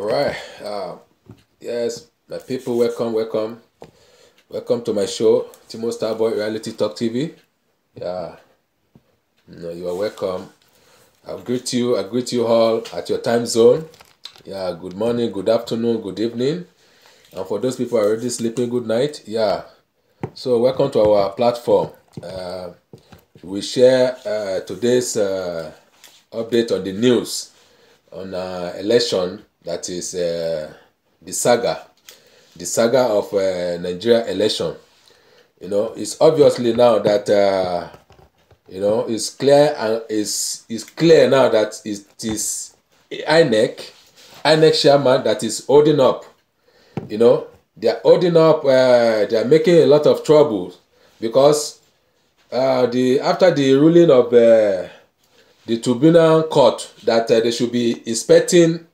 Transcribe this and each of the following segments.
All right. Uh, yes, my people, welcome, welcome. Welcome to my show, Timo Starboy Reality Talk TV. Yeah. No, you are welcome. I greet you, I greet you all at your time zone. Yeah, good morning, good afternoon, good evening. And for those people already sleeping, good night. Yeah. So welcome to our platform. Uh, we share uh, today's uh, update on the news on uh, election that is uh, the saga, the saga of uh, Nigeria election. You know, it's obviously now that uh, you know it's clear and it's it's clear now that it is INEC, INEC chairman that is holding up. You know, they are holding up. Uh, they are making a lot of trouble because uh, the after the ruling of uh, the tribunal court that uh, they should be inspecting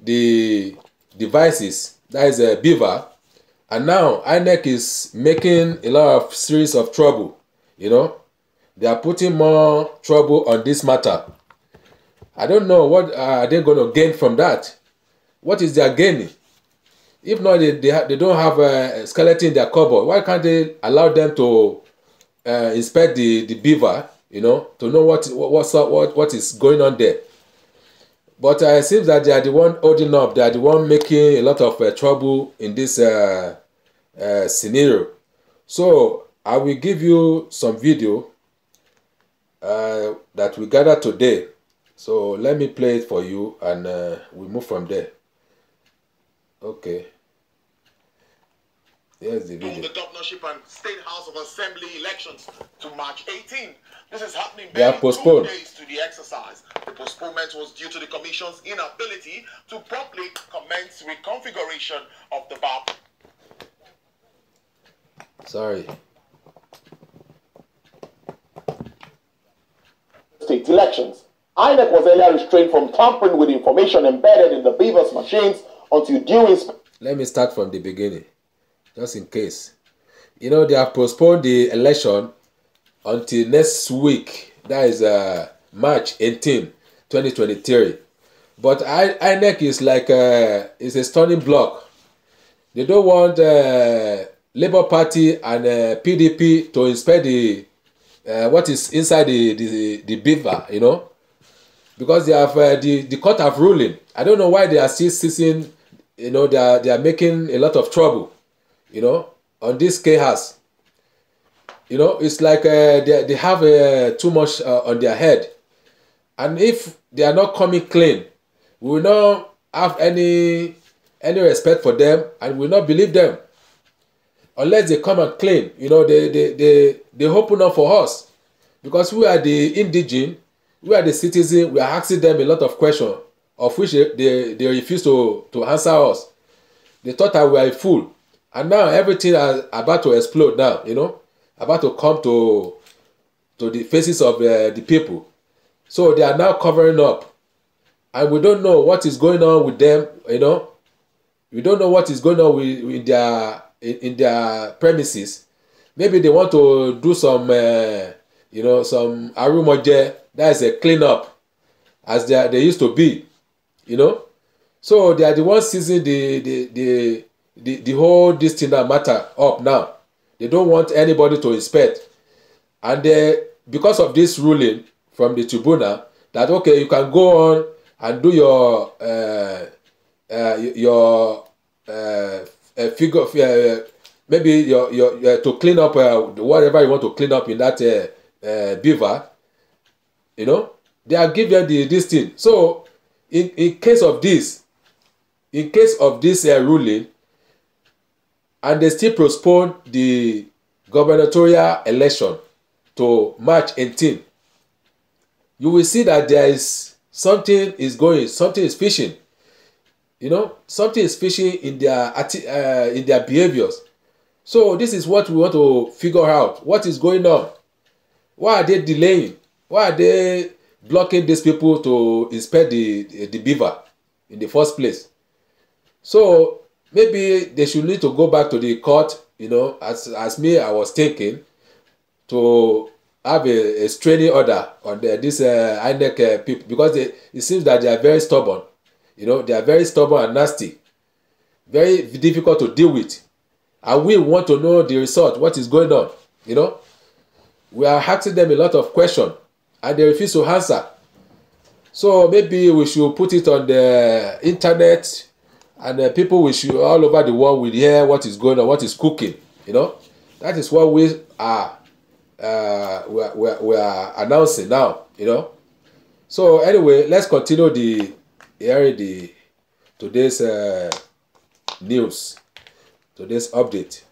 the devices, that is uh, Beaver. And now INEC is making a lot of series of trouble, you know. They are putting more trouble on this matter. I don't know what uh, are they going to gain from that. What is their gain? If not, they, they, they don't have a uh, skeleton in their cupboard. Why can't they allow them to uh, inspect the, the beaver, you know, to know what, what, what, what is going on there? But uh, it seems that they are the one holding up. They are the one making a lot of uh, trouble in this uh, uh scenario. So I will give you some video uh, that we gathered today. So let me play it for you and uh, we move from there. Okay. Here's the video. The governorship and state house of assembly elections to March 18. This is happening they have postponed. days to the exercise. The postponement was due to the Commission's inability to properly commence reconfiguration of the BAP. Sorry. State elections. INEC was earlier restrained from tampering with information embedded in the Beavers machines until due inspection. Let me start from the beginning, just in case. You know, they have postponed the election until next week. That is uh, March 18, 2023. But I, INEC is like uh it's a stunning block. They don't want uh, Labour Party and uh, PDP to inspect the uh, what is inside the, the the beaver, you know, because they have uh, the the court have ruling. I don't know why they are still sitting. You know, they are they are making a lot of trouble, you know, on this chaos. You know, it's like uh, they, they have uh, too much uh, on their head. And if they are not coming clean, we will not have any any respect for them and we will not believe them. Unless they come and clean, you know, they, they, they, they open up for us. Because we are the indigene, we are the citizen, we are asking them a lot of questions, of which they, they, they refuse to, to answer us. They thought I were a fool. And now everything is about to explode now, you know. about to come to to the faces of uh, the people. So they are now covering up. And we don't know what is going on with them, you know. We don't know what is going on with, with their, in, in their premises. Maybe they want to do some, uh, you know, some arumoje. That is a cleanup, as they, are, they used to be, you know. So they are the ones seizing the, the, the, the, the whole this thing that matter up now. They don't want anybody to inspect. And they, uh, because of this ruling from the tribunal, that okay, you can go on and do your uh, uh, your uh, figure, uh, maybe your, your, your uh, to clean up uh, whatever you want to clean up in that uh, uh, beaver. You know, they are giving the this thing. So, in in case of this, in case of this uh, ruling, and they still postponed the gubernatorial election to March 18. You will see that there is something is going, something is fishing. You know, something is fishing in their uh, in their behaviors. So this is what we want to figure out. What is going on? Why are they delaying? Why are they blocking these people to inspect the the beaver in the first place? So maybe they should need to go back to the court you know as as me i was thinking to have a a straining order on the, this uh, inec uh, people because they, it seems that they are very stubborn you know they are very stubborn and nasty very difficult to deal with and we want to know the result what is going on you know we are asking them a lot of questions and they refuse to answer so maybe we should put it on the internet and uh, people will show, all over the world will hear what is going on, what is cooking. You know, that is what we are uh, we are, we, are, announcing now. You know, so anyway, let's continue the hearing the today's uh, news, today's update.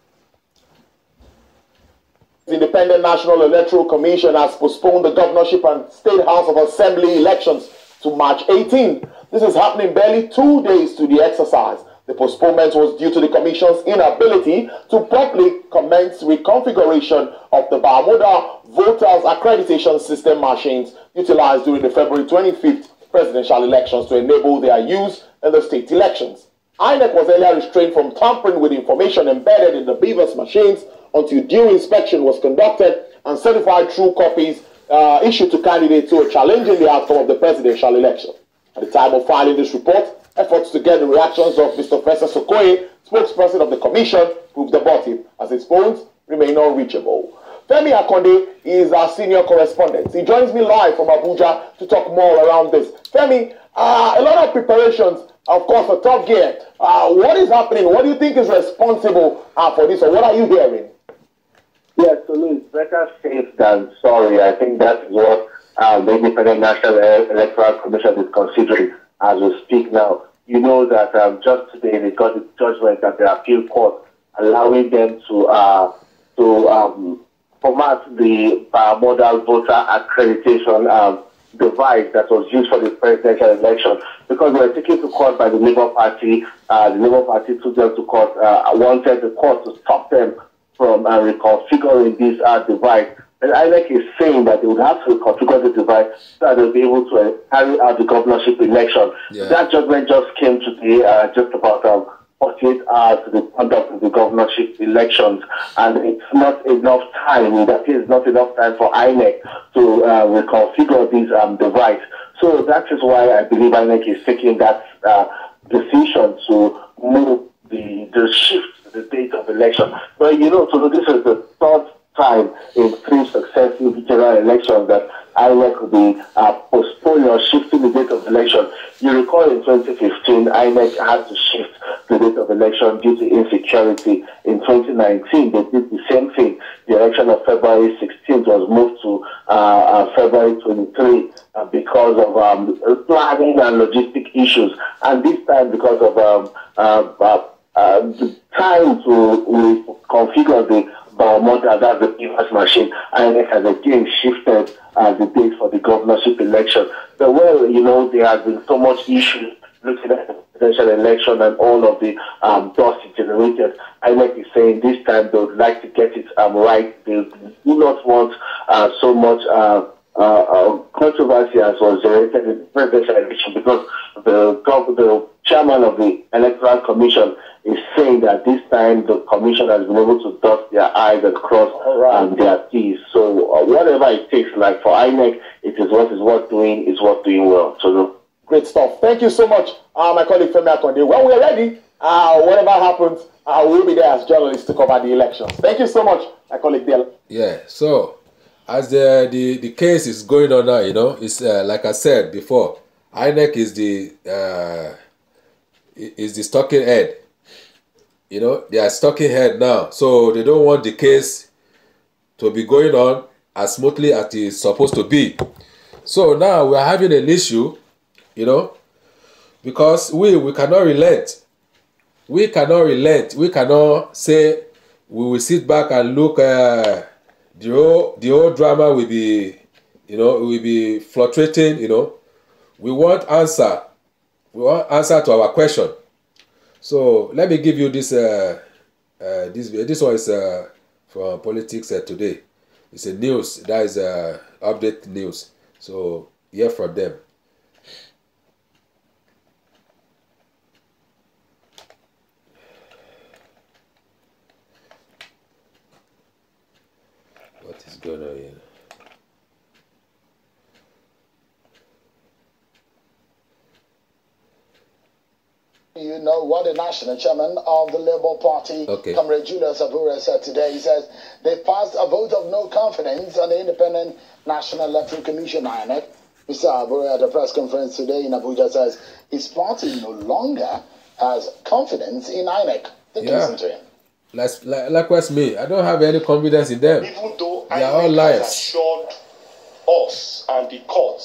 The Independent National Electoral Commission has postponed the governorship and state house of assembly elections to March 18 this is happening barely two days to the exercise. The postponement was due to the Commission's inability to properly commence reconfiguration of the Bermuda voters accreditation system machines utilized during the February 25th presidential elections to enable their use in the state elections. INEC was earlier restrained from tampering with information embedded in the Beavers machines until due inspection was conducted and certified true copies uh, issued to candidates who are challenging the outcome of the presidential election. At the time of filing this report, efforts to get the reactions of Mr. Professor Sokoye, spokesperson of the Commission, proved abortive as his phones remain unreachable. Femi Akonde is our senior correspondent. He joins me live from Abuja to talk more around this. Femi, uh, a lot of preparations, of course, for Top Gear. Uh, what is happening? What do you think is responsible uh, for this, or what are you hearing? Yes, yeah, so it's better safe than sorry. I think that's what uh, the Independent National Electoral Commission is considering as we speak now. You know that um, just today they got a judgment at the appeal court allowing them to uh, to um, format the uh, modal voter accreditation um, device that was used for the presidential election because they were taken to court by the Labour Party. Uh, the Labour Party took them to court, uh, wanted the court to stop them from uh, reconfiguring this uh, device and INEC is saying that they would have to configure the device so that they'll be able to uh, carry out the governorship election. Yeah. That judgment just came today, uh, just about um, 48 hours to the conduct of the governorship elections, and it's not enough time. In that is not enough time for INEC to uh, reconfigure this um, device. So that is why I believe INEC is taking that uh, decision to move the, the shift the date of election. But you know, so this is the third time in three successive general elections that INEC will be uh, postponing or shifting the date of election. You recall in 2015, INEC had to shift the date of election due to insecurity. In 2019, they did the same thing. The election of February 16th was moved to uh, uh, February 23 uh, because of um, planning and logistic issues. And this time, because of um, uh, uh, time to configure the Balmota, that's the PMAS machine, INEC has again shifted uh, the date for the governorship election. But well, you know, there has been so much issue looking at the presidential election and all of the um, dust it generated. INEC is saying this time they would like to get it um, right. They do not want uh, so much. Uh, uh, uh, controversy as was directed in the previous election because the, the chairman of the Electoral Commission is saying that this time the commission has been able to dust their eyes, and cross right. um, their teeth. So uh, whatever it takes, like for INEC, it is what is worth doing, It's worth doing well. So Great stuff. Thank you so much, uh, my colleague Femi Akonde. When we're ready, uh, whatever happens, uh, we'll be there as journalists to cover the elections. Thank you so much, my colleague Dale. Yeah, so as the, the, the case is going on now, you know, it's uh, like I said before, INEC is the uh, is the stocking head. You know, they are stocking head now, so they don't want the case to be going on as smoothly as it's supposed to be. So now we are having an issue, you know, because we we cannot relent. We cannot relent. We cannot say we will sit back and look. Uh, the old the old drama will be you know will be fluctuating you know we want answer we want answer to our question so let me give you this uh, uh, this this one is uh, from politics uh, today it's a news that is uh, update news so hear from them you know what the national chairman of the Labour Party, okay. Comrade Julius Abura, said today. He says they passed a vote of no confidence on the Independent National Electoral Commission, INEC. Mr. Abura at a press conference today in Abuja says his party no longer has confidence in INEC. yeah. Likewise, me. I don't have any confidence in them. Even they are all liars. assured us and the court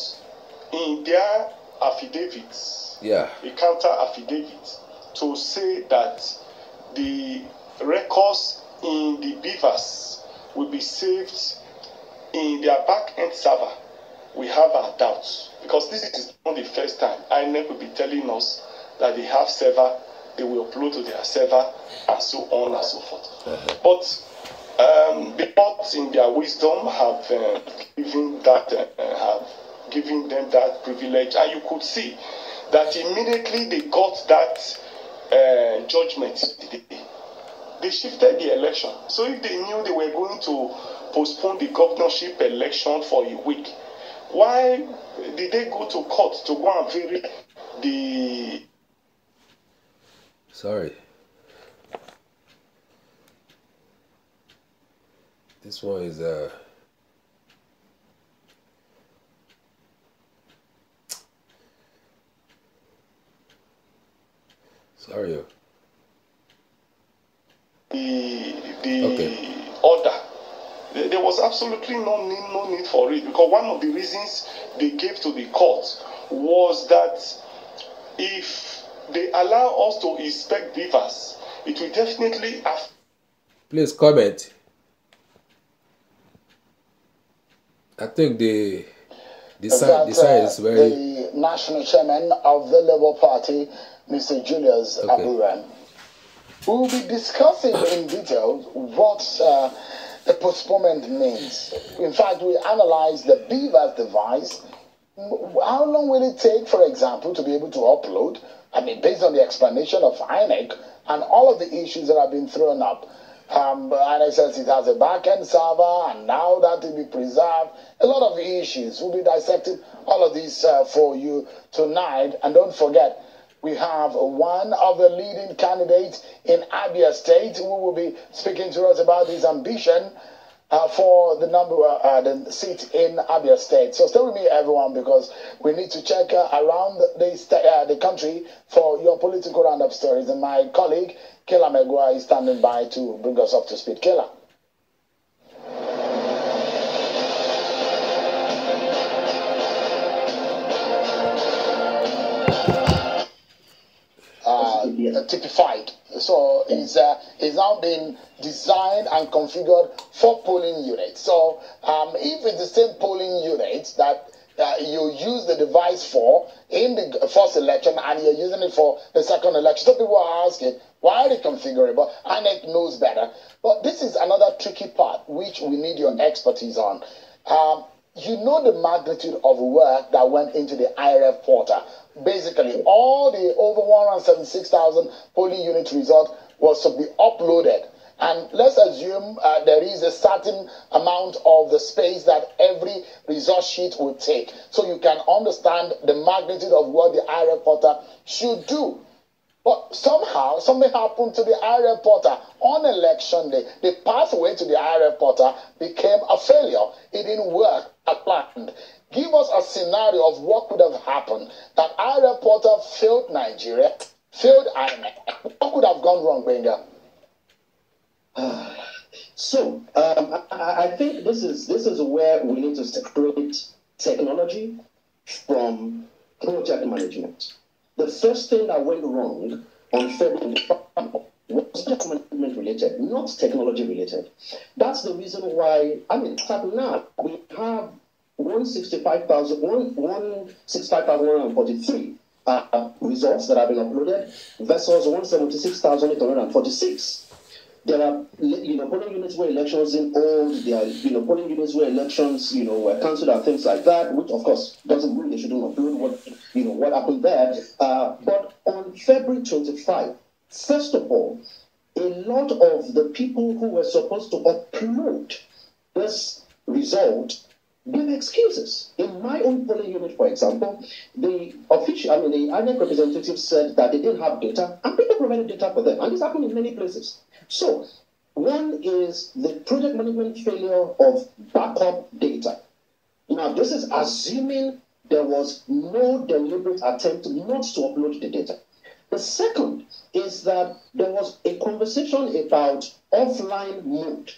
in their affidavits, yeah. a counter affidavit, to say that the records in the beavers will be saved in their back end server. We have our doubts because this is not the first time INEC will be telling us that they have server, they will upload to their server, and so on and so forth. Uh-huh. But um, because in their wisdom have uh, given that uh, have given them that privilege, and you could see that immediately they got that uh, judgment, they shifted the election. So if they knew they were going to postpone the governorship election for a week, why did they go to court to go and vary the? Sorry. This one is uh Sorry. The, the okay. order. There was absolutely no need, no need for it because one of the reasons they gave to the court was that if they allow us to inspect beavers, it will definitely. Please comment. I think the the, that, the uh, is very. The national chairman of the Labour Party, Mr. Julius okay. Aburan. will be discussing in detail what uh, the postponement means. In fact, we analyze the Beavers device. How long will it take, for example, to be able to upload? I mean, based on the explanation of INEC and all of the issues that have been thrown up. Um, NSS, it has a backend server, and now that will be preserved. A lot of issues. We'll be dissecting all of these uh, for you tonight. And don't forget, we have one of the leading candidates in Abia State who will be speaking to us about his ambition uh, for the number uh, uh, the seat in Abia State. So stay with me, everyone, because we need to check uh, around the uh, the country for your political roundup stories. And my colleague Kela Megua is standing by to bring us up to speed. Kela. uh, typified. So it's, uh, it's now been designed and configured for polling units. So um, if it's the same polling unit that uh, you use the device for in the first election and you're using it for the second election. So people are asking, why are they configurable? ANEC knows better. But this is another tricky part which we need your expertise on. Um, you know the magnitude of work that went into the IRF Porter. Basically, all the over 176,000 polling unit result was to be uploaded. And let's assume uh, there is a certain amount of the space that every resource sheet would take. So you can understand the magnitude of what the IRF Porter should do. But somehow, something happened to the IRF Potter on election day. The pathway to the IRF Potter became a failure. It didn't work as planned. Give us a scenario of what could have happened that IRF Potter failed Nigeria, failed IMF. What could have gone wrong, Benga? so um, I, I think this is this is where we need to separate technology from project management the first thing that went wrong on February was government related, not technology related. That's the reason why, I mean, up now, we have 165,143 uh, results that have been uploaded versus 176,846 there are you know polling units where elections in old there are you know polling units where elections you know were cancelled and things like that which of course doesn't mean they shouldn't upload what you know what happened there uh, but on february 25 first of all a lot of the people who were supposed to upload this result give excuses. In my own polling unit, for example, the official, I mean, the INEC representative said that they didn't have data, and people provided data for them, and this happened in many places. So, one is the project management failure of backup data. Now, this is assuming there was no deliberate attempt not to upload the data. The second is that there was a conversation about offline mode,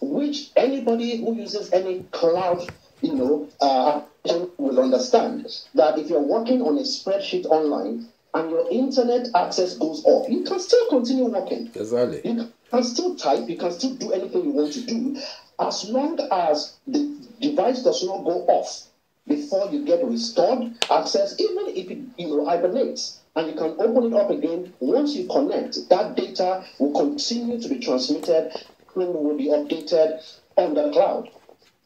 which anybody who uses any cloud, you know, uh, will understand that if you're working on a spreadsheet online, and your internet access goes off, you can still continue working. Exactly. You can still type, you can still do anything you want to do, as long as the device does not go off before you get restored access, even if it you know, hibernates. And you can open it up again. Once you connect, that data will continue to be transmitted and will be updated on the cloud.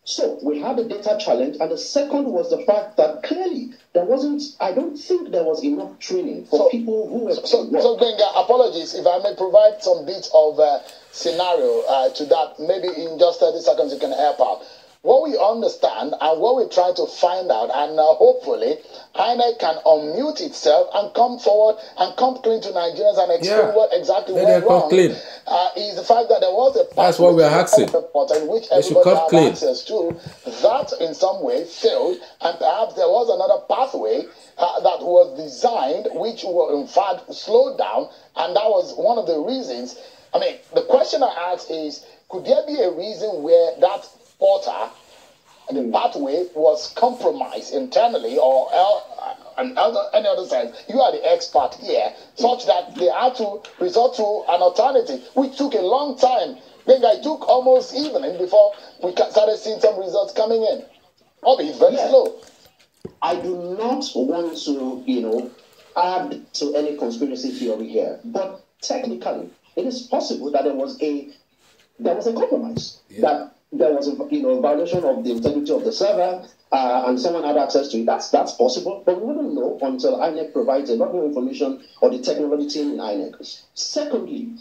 So we had a data challenge, and the second was the fact that clearly there wasn't. I don't think there was enough training for so, people who were. So, so Benga, apologies if I may provide some bit of a uh, scenario uh, to that. Maybe in just thirty seconds you can help out what we understand and what we try to find out, and uh, hopefully, INEC can unmute itself and come forward and come clean to Nigerians and explain yeah. what exactly went wrong. Clean. Uh, is the fact that there was a that's what we're asking. Portal which they should had clean. access to that in some way failed, and perhaps there was another pathway uh, that was designed, which were in fact slowed down, and that was one of the reasons. I mean, the question I ask is could there be a reason where that in the pathway was compromised internally or and any other sense, you are the expert here, such that they had to resort to an alternative, which took a long time. Maybe I took almost evening before we started seeing some results coming in. it's very yeah. slow. I do not want to, you know, add to any conspiracy theory here, but technically, it is possible that there was a there was a compromise yeah. that there was a you know violation of the integrity of the server uh, and someone had access to it. That's that's possible, but we wouldn't know until INEC provides a lot more information or the technology team in INEC. Secondly,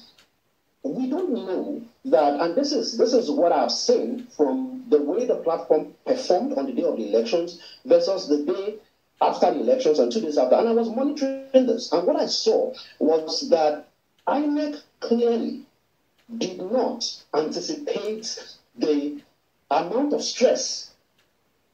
we don't know that, and this is this is what I've seen from the way the platform performed on the day of the elections versus the day after the elections and two days after. And I was monitoring this, and what I saw was that INEC clearly did not anticipate the amount of stress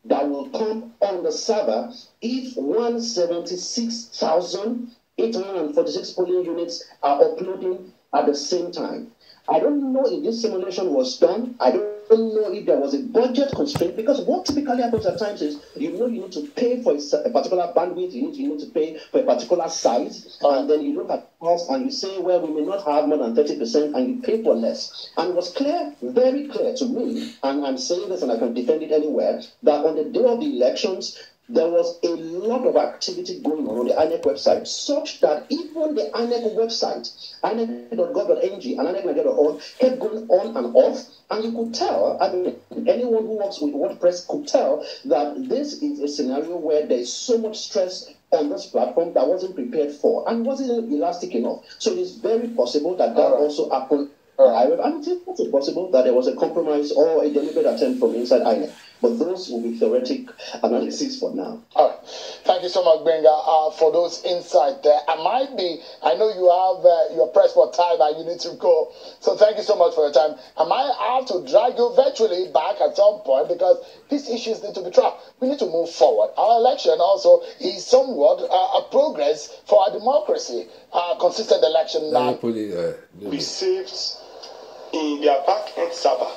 that will come on the server if 176,846 polling units are uploading at the same time. I don't know if this simulation was done. I don't don't know if there was a budget constraint because what typically happens at times is you know you need to pay for a, particular bandwidth, you need, you need to pay for a particular size, and then you look at cost and you say, well, we may not have more than 30%, and you pay for less. And it was clear, very clear to me, and I'm saying this and I can defend it anywhere, that on the day of the elections, there was a lot of activity going on on the INEC website, such that even the INEC website, INEC.gov.ng and INEC.org, kept going on and off. And you could tell, I mean, anyone who works with WordPress could tell that this is a scenario where there's so much stress on this platform that wasn't prepared for and wasn't elastic enough. So it's very possible that that right. also happened. Right. I mean, it's possible that there was a compromise or a deliberate attempt from inside INEC. But those will be theoretic analysis for now. All right. Thank you so much, Benga, uh, for those insights there. I might be, I know you have uh, your press for time and you need to go. So thank you so much for your time. I might have to drag you virtually back at some point because these issues need to be tracked. We need to move forward. Our election also is somewhat uh, a progress for our democracy. Uh, consistent election now. Uh, we saved in their back end server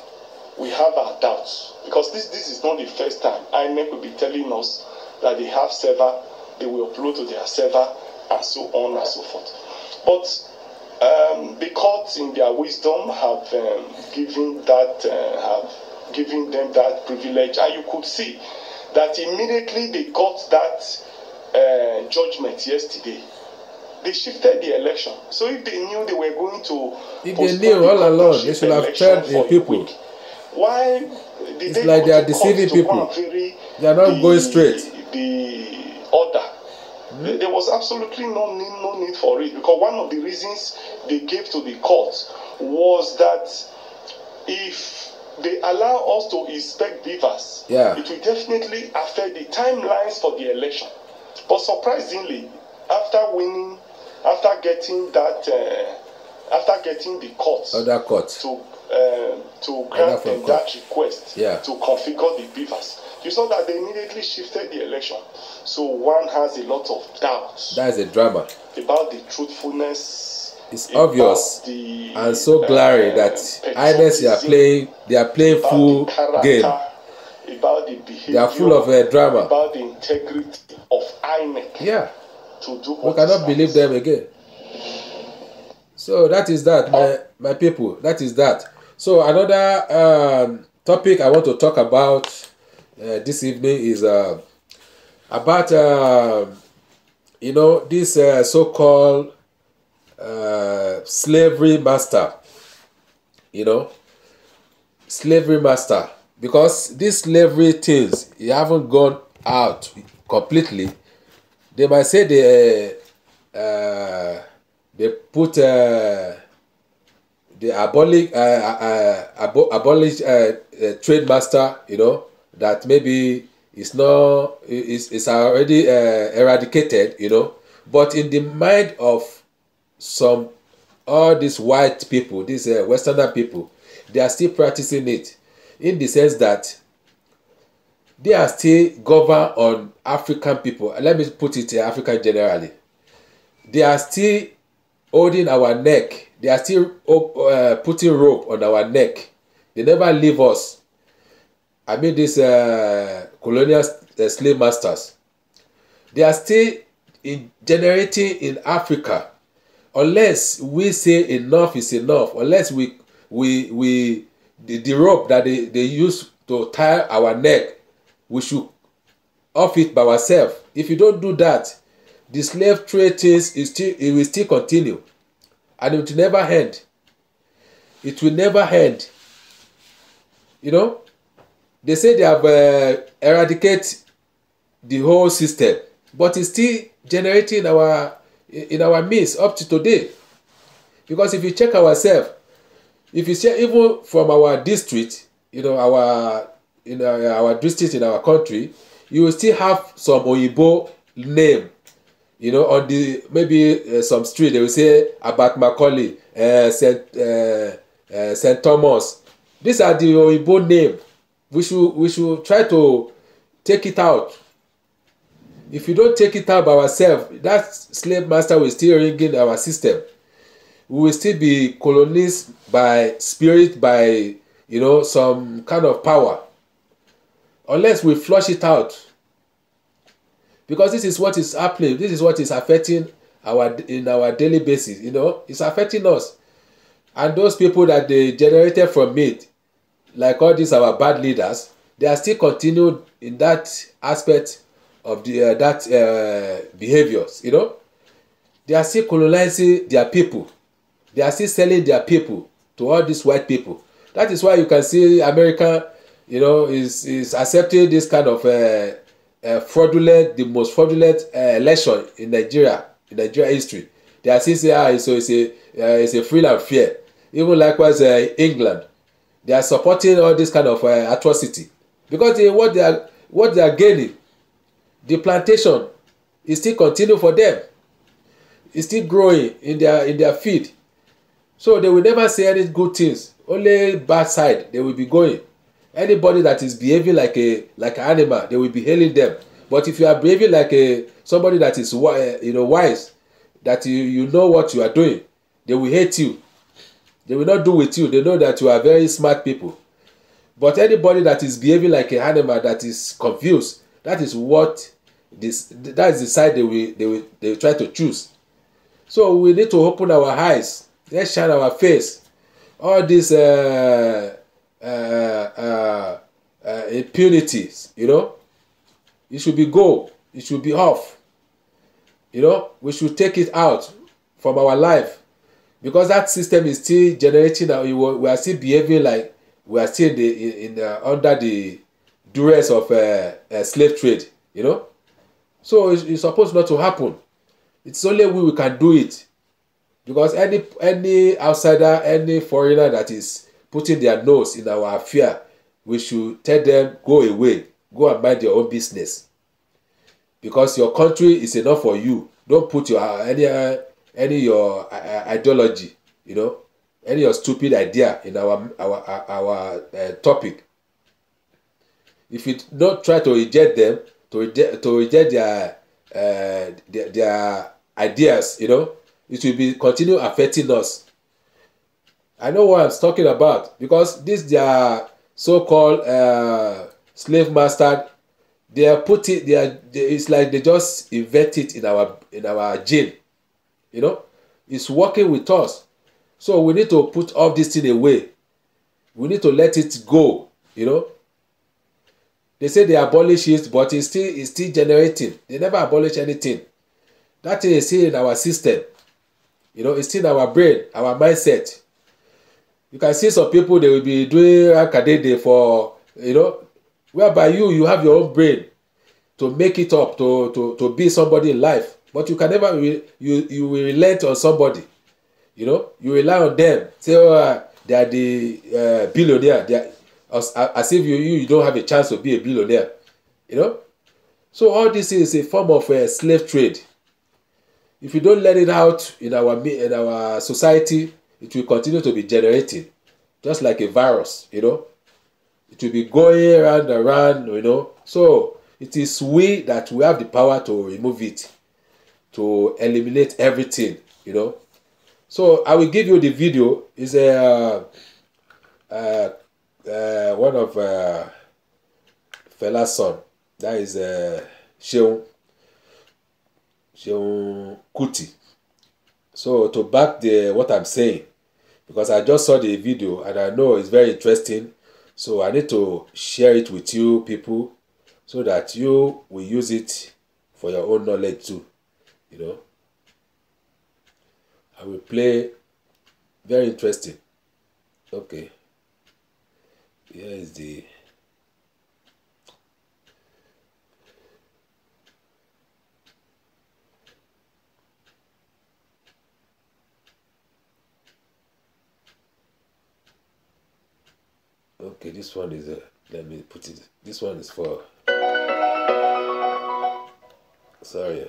we have our doubts because this, this is not the first time INEC will be telling us that they have server, they will upload to their server, and so on and so forth. But um, the courts, in their wisdom, have um, given that uh, have given them that privilege, and you could see that immediately they got that uh, judgment yesterday. They shifted the election. So if they knew they were going to, if they knew all along, they should have told the people. Week, why did it's they like they are deceiving people? They are not the, going straight. The order. mm There was absolutely no need, no need for it because one of the reasons they gave to the court was that if they allow us to inspect beavers, yeah. it will definitely affect the timelines for the election. But surprisingly, after winning, after getting that, uh, after getting the court, oh, that court. to um, to grant them that request yeah. to configure the beavers. You saw that they immediately shifted the election. So one has a lot of doubts. That is a drama. About the truthfulness. It's obvious the, and so glaring uh, that either they are playing, they are playing full game. About the behavior. They are full of uh, drama. About the integrity of INEC. Yeah. To do we cannot believe them again. So that is that, my, my people. That is that. So another um, topic I want to talk about uh, this evening is uh, about uh, you know this uh, so-called uh, slavery master. You know, slavery master because these slavery things it e haven't gone out completely. They might say they uh, they put. The abolish uh, uh, uh, abo abolish uh, uh, trade master you know that maybe it's not it's, it's already uh, eradicated you know but in the mind of some all these white people these uh, westerner people they are still practicing it in the sense that they are still governed on african people let me put it uh, african generally they are still holding our neck They are still uh, putting rope on our neck. They never leave us. I mean, these uh, colonial uh, slave masters. They are still in generating in Africa. Unless we say enough is enough, unless we we we the, the rope that they, they use to tie our neck, we should off it by ourselves. If you don't do that, the slave trade is still it will still continue. and it will never end. It will never end. You know, they say they have uh, eradicated the whole system, but it's still generating our in our midst up to today. Because if you check ourselves, if you check even from our district, you know our in our, our district in our country, you will still have some Oyibo name you know on the maybe uh, some street they will say about macaulay uh, st uh, uh, st thomas these are the oyibo name we should we should try to take it out if we don't take it out by ourselves that slave master will still ring in our system we will still be colonized by spirit by you know some kind of power unless we flush it out because this is what is happening this is what is affecting our in our daily basis you know it's affecting us and those people that they generated from it like all these our bad leaders they are still continued in that aspect of the uh, that uh, behaviors you know they are still colonizing their people they are still selling their people to all these white people that is why you can see america you know is is accepting this kind of uh, uh, fraudulent the most fraudulent uh, election in Nigeria in Nigeria history they are saying say ah so it's a uh, it's a free and fair even likewise uh, England they are supporting all this kind of uh, atrocity because they, what they are what they are gaining the plantation is still continue for them is still growing in their in their field so they will never see any good things only bad side they will be going anybody that is behaving like a like an animal they will be hailing them but if you are behaving like a somebody that is eh, you know wise that you you know what you are doing they will hate you they will not do with you they know that you are very smart people but anybody that is behaving like an animal that is confused that is what this that is the side they will they will they will try to choose so we need to open our eyes let's shine our face all this uh, Uh, uh, uh, impunities, you know. It should be go. It should be off. You know, we should take it out from our life because that system is still generating. We are still behaving like we are still in, the, in the, uh, under the duress of uh, uh, slave trade. You know, so it's, it's supposed not to happen. It's only we we can do it because any any outsider, any foreigner that is putting their nose in our affair, we should tell them, go away, go and mind your own business. Because your country is enough for you. Don't put your any uh, any your uh, ideology, you know, any your stupid idea in our our our uh, topic. If you don't try to reject them, to reject, to reject their, uh, their their ideas, you know, it will be continue affecting us I know what I'm talking about because this their so-called uh, slave master, they are put it. They are. They, it's like they just invent it in our in our jail. You know, it's working with us. So we need to put all this thing away. We need to let it go. You know. They say they abolish it, but it's still it's still generating. They never abolish anything. That thing is still in our system. You know, it's still in our brain, our mindset you can see some people they will be doing akadede for you know whereby you you have your own brain to make it up to to to be somebody in life but you can never re you you will relent on somebody you know you rely on them say oh uh, they are the uh, billionaire they are as, as if you, you you don't have a chance to be a billionaire you know so all this is a form of a uh, slave trade if you don't let it out in our in our society it will continue to be generated, just like a virus, you know. It will be going around and around, you know. So it is we that we have the power to remove it, to eliminate everything, you know. So I will give you the video. It's a uh, uh, uh one of uh, fella's son. That is uh, Sheung Sheung Kuti. So to back the what I'm saying, because I just saw the video and I know it's very interesting. So I need to share it with you people so that you will use it for your own knowledge too. You know, I will play very interesting. Okay, here is the. Okay, this one is, a, uh, let me put it, this one is for, sorry.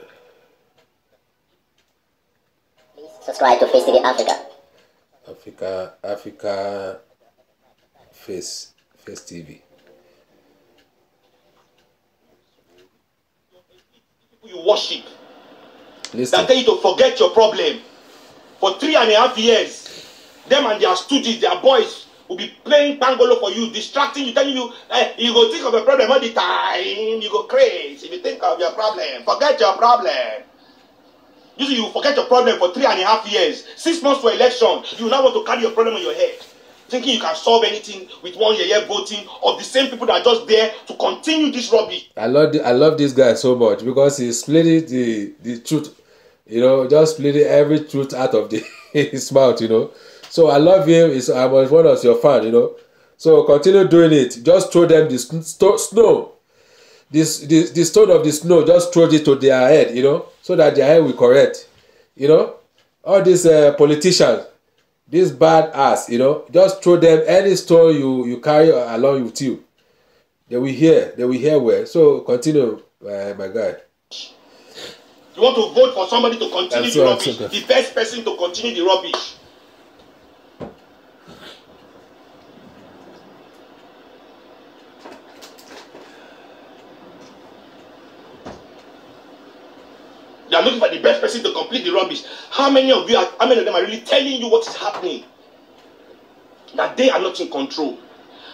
Please subscribe to Face TV Africa. Africa, Africa, Face, Face TV. You worship. Listen. That tell you to forget your problem. For three and a half years, them and their students, their boys, will be playing pangolo for you, distracting you, telling you, hey, eh, you go think of your problem all the time. You go crazy if you think of your problem. Forget your problem. You see, you forget your problem for three and a half years, six months for election. You now want to carry your problem on your head, thinking you can solve anything with one year voting of the same people that are just there to continue this rubbish. I love the, I love this guy so much because he's splitting the the truth, you know, just splitting every truth out of the, his mouth, you know. So I love you. It's, I was one of your fans, you know. So continue doing it. Just throw them this snow. This, this, this stone of the snow, just throw it to their head, you know, so that their head will correct. You know, all these uh, politicians, these bad ass, you know, just throw them any stone you, you carry along with you. They will hear, they will hear well. So continue, uh, my guy. You want to vote for somebody to continue so, the rubbish, the first person to continue the rubbish. They are looking for the best person to complete the rubbish. How many of you are, how many of them are really telling you what is happening? That they are not in control.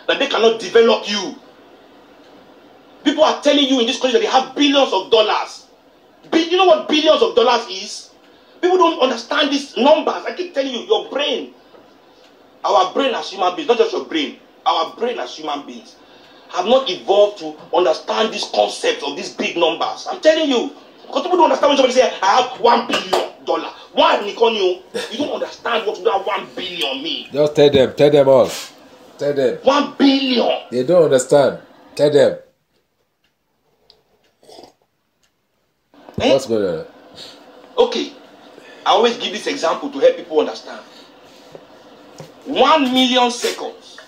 That they cannot develop you. People are telling you in this country that they have billions of dollars. Be, you know what billions of dollars is? People don't understand these numbers. I keep telling you, your brain, our brain as human beings, not just your brain, our brain as human beings, have not evolved to understand these concepts of these big numbers. I'm telling you, Because people don't understand when somebody says, I have one billion dollar. Why, Nikonio? You don't understand what that one billion means. Just tell them, tell them all. Tell them. One billion. They don't understand. Tell them. Eh? What's going on? Okay. I always give this example to help people understand. One million seconds.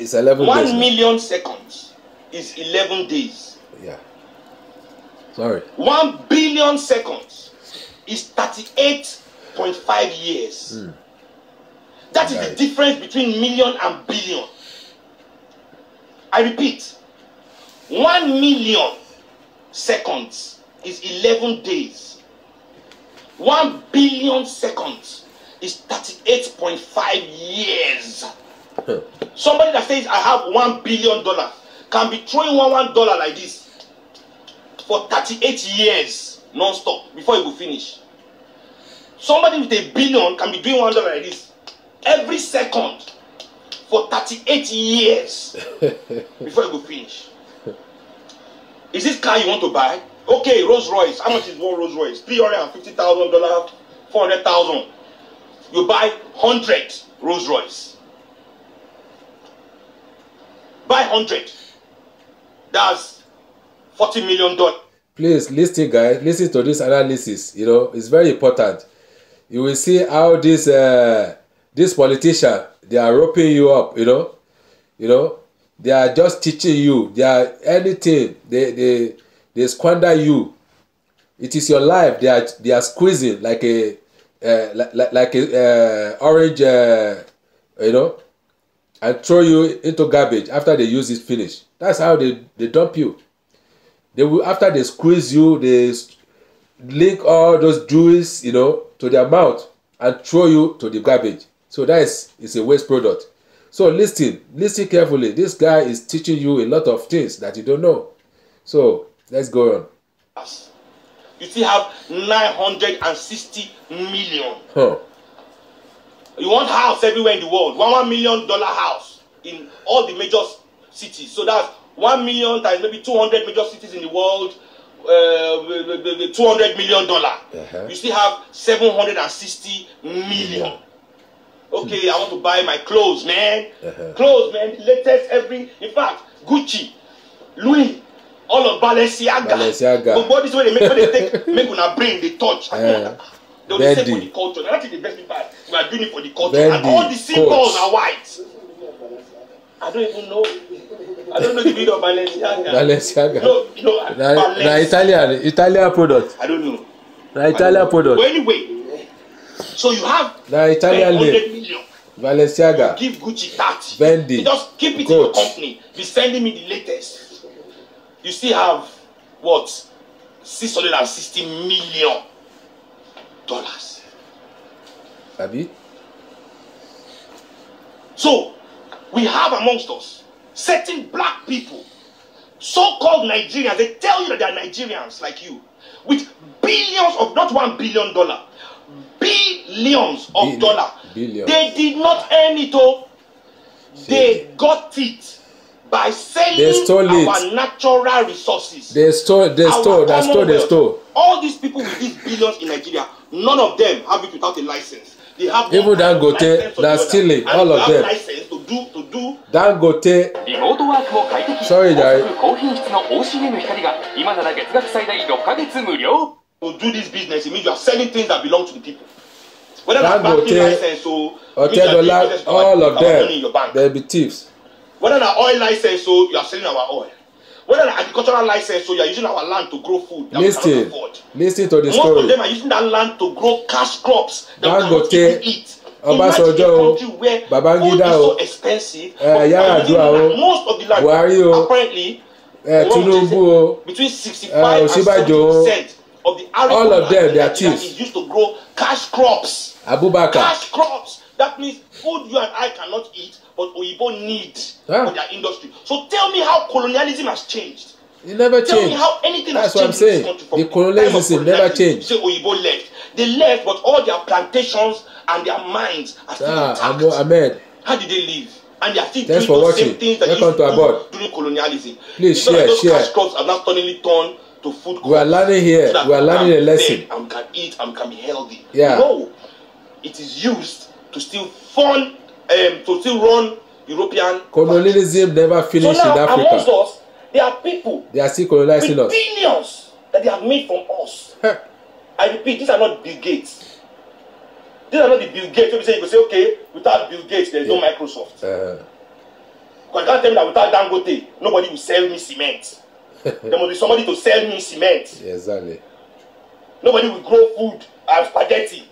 It's 11 One days, million seconds is 11 days. Yeah. Sorry. One billion seconds is 38.5 years. Mm. That is right. the difference between million and billion. I repeat, one million seconds is 11 days. One billion seconds is 38.5 years. Somebody that says, I have one billion dollars can be throwing one one dollar like this for thirty-eight years non-stop before e go finish somebody with a billion can be doing one like this every second for thirty-eight years before e go finish is this car you want to buy okay Rolls Royce how much is one Rolls Royce three hundred and fifty thousand dollars four hundred thousand you buy hundred Rolls Royce buy hundred that's 40 million dollars. Please listen, guys. Listen to this analysis. You know, it's very important. You will see how this uh, this politician they are roping you up. You know, you know, they are just teaching you. They are anything. They they they squander you. It is your life. They are they are squeezing like a uh, like, like a uh, orange. Uh, you know, and throw you into garbage after they use it finished. That's how they, they dump you. They will after they squeeze you, they link all those juice, you know, to their mouth and throw you to the garbage. So that is is a waste product. So listen, listen carefully. This guy is teaching you a lot of things that you don't know. So let's go on. You still have 960 million. Huh. You want house everywhere in the world. One one million dollar house in all the major cities. So that's one million times maybe two hundred major cities in the world uh, two hundred million dollar uh-huh. you still have seven hundred and sixty million. okay i want to buy my clothes man uh-huh. clothes man latest every in fact gucci louis all of balenciaga balenciaga but all this wey dey make wey dey take make una brain dey touch uh-huh. they dey say for the culture na that is the best part we are doing it for the culture Verdi, and all the symbols coach. are white. I don't even know. I don't know the breed of Balenciaga. Balenciaga. No, no. Na, Italian, Italian product. I don't know. Na Italian product. But anyway, so you have. Na Italian name. Million. Balenciaga. You give Gucci that. Bendy. just keep it Coach. in your company. Be sending me the latest. You still have what six hundred and sixty million dollars. Abi. So we have amongst us certain black people, so called Nigerians, they tell you that they're Nigerians like you, with billions of not one billion dollar, billions of billions. dollar. Billions. They did not earn it all. Oh. They got it by selling they stole our it. natural resources. They stole, they stole, they stole, they stole. All these people with these billions in Nigeria, none of them have it without a license. even dangote na stealing all of them dangote リモートワークも快適に sorry だい高品質の OCN To do this business, it means you are selling things that belong to the people. Whether that's banking license or Otedola, all of them, they be thieves. Whether an oil license, so you are selling our oil whether an agricultural license so you are using our land to grow food that listen, we cannot afford to the story most of them are using that land to grow cash crops that Dangote, we cannot even eat Ọbásanjọ́ o eh, Babangida o Yar'Adua o Buhari o eh, Tinubu o Ọ̀ṣínbàjò eh, o all of them they are thieves Abubakar cash crops that means food you and I cannot eat but Oyibo need yeah. for their industry. So tell me how colonialism has changed. It never tell changed. Tell me how anything That's has changed. That's what I'm saying. The colonialism never changed. You say Oyibo left. They left, but all their plantations and their mines are still ah, intact. I'm, Ahmed. How did they live? And they are still Thanks doing for the watching. same things that Welcome to our during colonialism. Please it's share, those share. cash crops are now suddenly turned to food crops. We are learning here. So we are learning a lesson. And can eat and can be healthy. Yeah. No, it is used to still fund um, to still run European. Colonialism countries. never finished so now, in Africa. Amongst us, there are people. They are still colonizing with us. Billions that they have made from us. I repeat, these are not Bill Gates. These are not the Bill Gates. you say you say okay, without Bill Gates there is yeah. no Microsoft. Uh-huh. Because I can't tell me that without Dangote nobody will sell me cement. there must be somebody to sell me cement. Yeah, exactly. Nobody will grow food and spaghetti.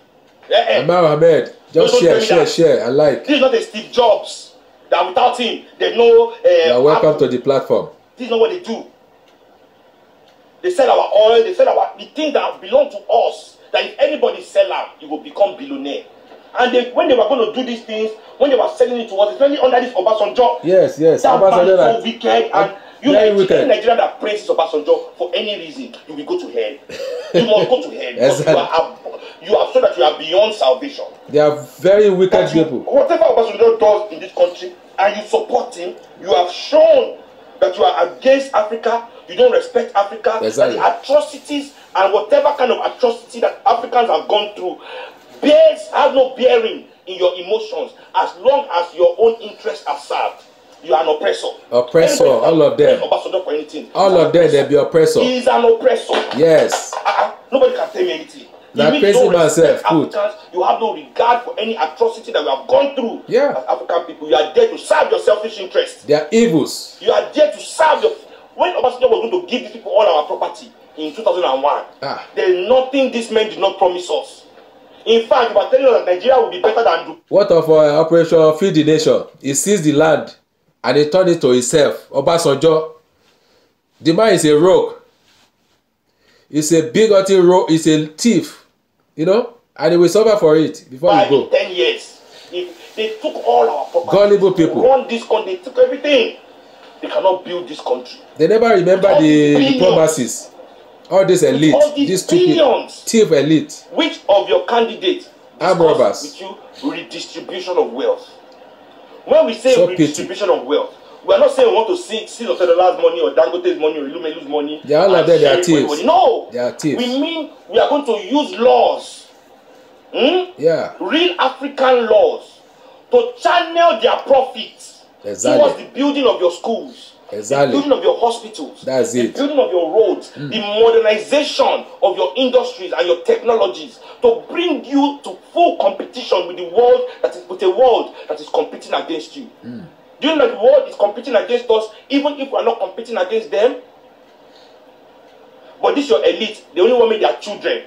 eh, eh. Ahmed just share share share and like. this is not a Steve Jobs that without him they no. Uh, eh, you are welcome Apple. to the platform. this is not what they do they sell our oil they sell our the things that belong to us that if anybody sell am you will become billionaire and they when they were going to do these things when they were selling it to us especially under this Obasanjo. yes yes Obasanjo that wicked and. and You Very Nigerian, Nigerian that praises Obasanjo for any reason, you will go to hell. you must go to hell because you are you have so that you are beyond salvation. They are very wicked you, people. Whatever Obasanjo does in this country, and you support him, you have shown that you are against Africa. You don't respect Africa. Exactly. That the atrocities and whatever kind of atrocity that Africans have gone through bears has no bearing in your emotions as long as your own interests are served you are an oppressor. Oppressor, all of them. Obasanjo for anything. All of them, they be oppressor. He is an oppressor. Yes. Uh, nobody can tell me anything. That crazy no myself. Good. You have no regard for any atrocity that we have gone through. Yeah. As African people, you are there to serve your selfish interests. They are evils. You are there to serve your. When Obasanjo was going to give these people all our property in 2001, ah. there is nothing these men did not promise us. In fact, you are telling us that Nigeria will be better than. What of uh, Operation Feed the Nation? It seized the land and he turned it to himself Obasanjo the man is a rogue he's a bigoted rogue he's a thief you know and he will suffer for it before he go. ten years they they took all our property. gullible people they run this country they took everything they cannot build this country. they never remember the the promises all this elite all this stupid thief elite. which of your candidates. arm with you redistribution of wealth when we say so redistribution pity. of wealth, we are not saying we want to see see the Federal's money or Dangote's money or Ilumelu's money. They are like that. They are thieves. No, they are thieves. We mean we are going to use laws, hmm? yeah, real African laws, to channel their profits exactly. towards the building of your schools, Exactly. The building of your hospitals. That's the building of your roads. Mm. The modernization of your industries and your technologies to bring you to full competition with the world that is with a world that is competing against you. Mm. Do you know the world is competing against us even if we are not competing against them? But this your elite, they only want make their children.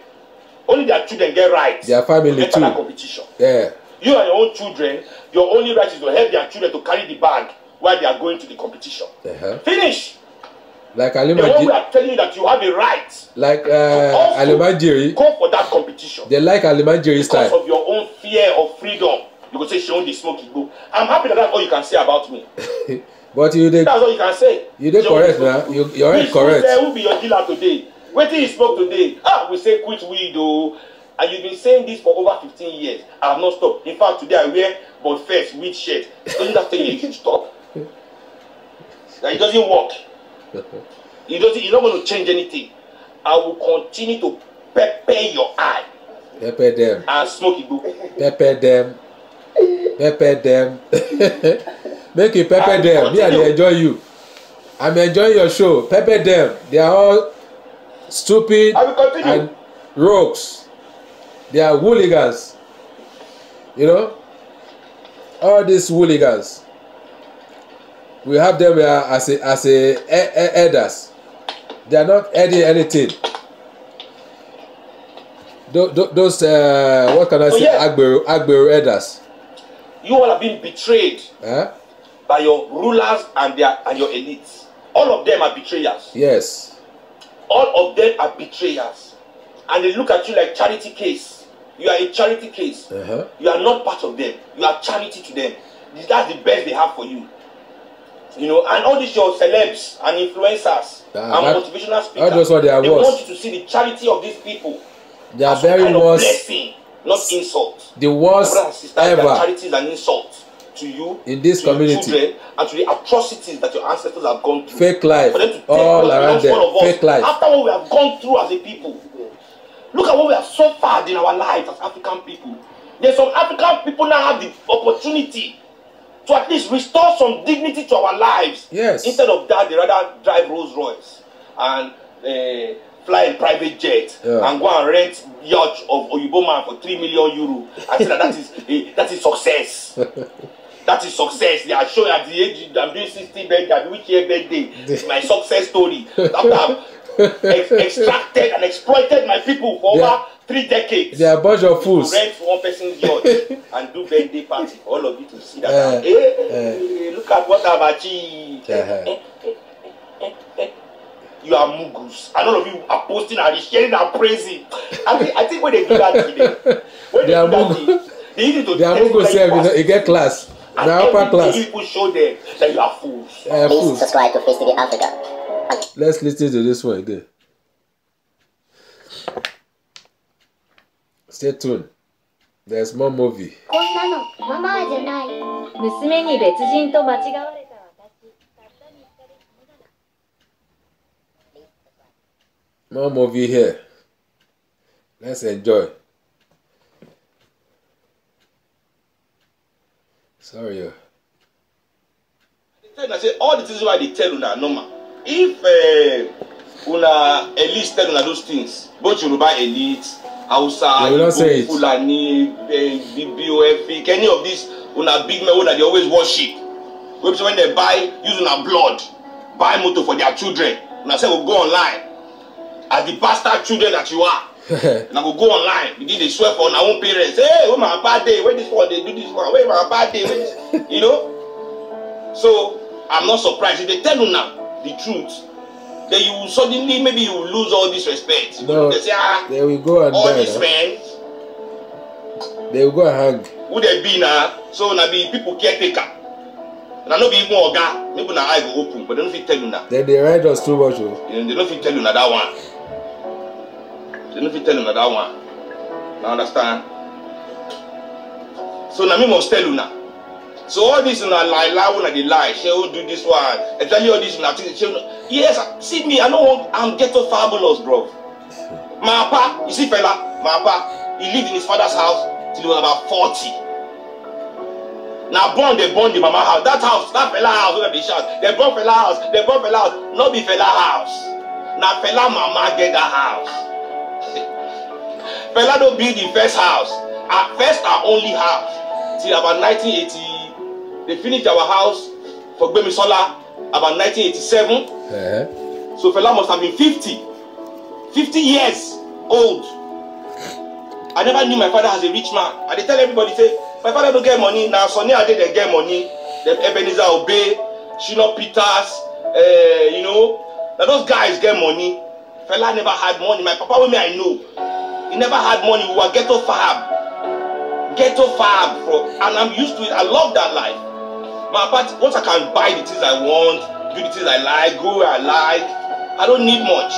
Only their children get rights. Their family to too. Competition. Yeah. You and your own children, your only right is to help their children to carry the bag while they are going to the competition. Uh-huh. Finish. Like Alima The one are telling you that you have a right. Like uh, Alima Go for that competition. They like Alima style. Because of your own fear of freedom, you go say she only smoke igbo. I'm happy that that's all you can say about me. but you did. that's all you can say. you did correct man. you your head correct. which will be your dealer today wetin you smoke today ah we say quit weed oh. and you've been saying this for over 15 years i have not stopped. in fact today i wear but first weed shirt Don't that tell you you stop that it doesn't work. it doesn't, you're not going to change anything. I will continue to pepper your eye. Pepper them. And smoke igbo. Pepper them. Pepper them. Make you pepper them. Me, I yeah, enjoy you. I'm enjoying your show. Pepper them. They are all stupid and rogues. They are hooligans. You know? All these hooligans we have them here uh, as a, as a, e, e, elders. They are not adding anything. Those those uh, what can I so oh, say? Yeah. Agbero Agbero elders. You all have been betrayed huh? Eh? by your rulers and their and your elites. All of them are betrayers. Yes. All of them are betrayers, and they look at you like charity case. You are a charity case. Uh -huh. You are not part of them. You are charity to them. That's the best they have for you you know, and all these your celebs and influencers yeah, and that, motivational speakers. That's what they are. They was. want you to see the charity of these people. They are very kind worst. Of blessing, not insult. The worst and sisters, ever. Charity is an insult to you, in this to community, your children, and to the atrocities that your ancestors have gone through. Fake life. For them to take all around them. Of us, Fake life. After what we have gone through as a people, look at what we have suffered in our lives as African people. There's some African people now have the opportunity to at least restore some dignity to our lives. Yes. Instead of that, they rather drive Rolls Royce and uh, fly in private jet yeah. and go and rent yacht of Oyibo man for three million euro. I say that that is uh, that is success. that is success. They are showing at the age I'm doing 60 birthday, which year birthday. It's my success story. After I've ex- extracted and exploited my people for yeah. over three decades. they are bunch of fools. rent one person's yacht and do birthday party all of you to see that. Uh, eh, hey, uh, eh. look at what I've achieved. Uh -huh. eh, eh, eh, you are mugus and all of you are posting and sharing and praising. i think i think when they do that today when they, they are that they need to test mugu sef you know, get class na upper class. people show them that you are fools. Uh, please fools. subscribe to face tv africa. let's listen to this one again. Stay tuned. There's more movie. こんなのママじゃない。娘に別人と間違われた私。More movie here. Let's enjoy. Sorry. all the things why they tell una normal if uh, una elite tell una those things both un elite hausa igbo fulani eh, bibo efik any of these una big men wey una dey always worship wey be say when dem buy use una blood buy motor for their children una sef go go online as the bastard children that you are una go go online begin dey swear for una own parents hey wey my papa dey wey dis one dey do dis one wey my papa dey wey dis you know so i'm not surprised if they tell una the truth then you will suddenly maybe you will lose all this respect. No, they say, ah, they will go and all die, this huh? They will go and hang. Who they be now? So now be people caretaker. I not be even guy. Maybe now I go open, but they don't fit tell you now. Then they write us too much. Oh. You they don't fit tell you now that one. They don't fit tell you now that one. Now understand? So now me must tell you now. So all this a lie, lie when I dey lie. She will do this one. I tell you all this in she will, Yes, see me. I know want. I'm ghetto fabulous, bro. My papa, you see, fella, my papa, he lived in his father's house till he was about forty. Now born, they born the mama house. That house, that fella house, where they shout. They born fella house. They born fella house. Not be fella house. Now fella mama get that house. Fella don't build the first house. At first, our only house. Till about 1980. they finished our house for Gbemisola about 1987. Uh-huh. Eh? So Fela must have been 50, 50 years old. I never knew my father as a rich man. I dey tell everybody say my father don't get money Now, sonny, I Ade dey get money dem Ebenezer Obey, Shino Peters, uh, you know Now those guys get money. Fela never had money. My papa with me I know, he never had money. We were ghetto farm, ghetto farm bro. and I'm used to it. I love that life. My once I can buy the things I want, do the things I like, go where I like, I don't need much.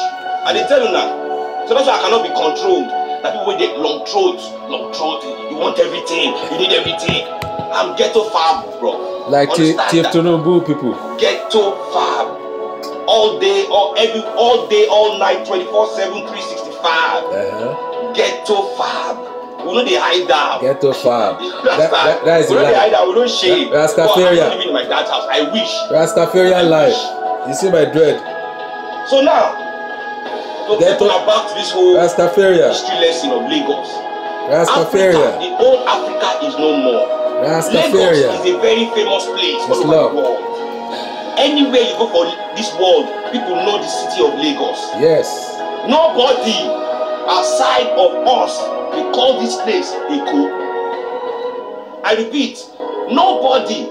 I dey tell you now. So that's why I cannot be controlled. That people with long throat, long throat, you want everything, you need everything. I'm ghetto fab, bro. Like Chief people. Ghetto fab. All day, all every, all day, all night, 24 7, 365. Uh-huh. Ghetto fab we no dey hide down. get to farm that, that, that is we life we hide down we not shame rastafarian but i no live in my dad house i wish rastafarian life you see my dread. so now to get about this whole rastafaria history lesson of lagos rastafaria africa the old africa is no more rastafaria lagos is a very famous place for the world anywhere you go for this world people know the city of lagos yes nobody Outside of us. They call this place Eko. I repeat, nobody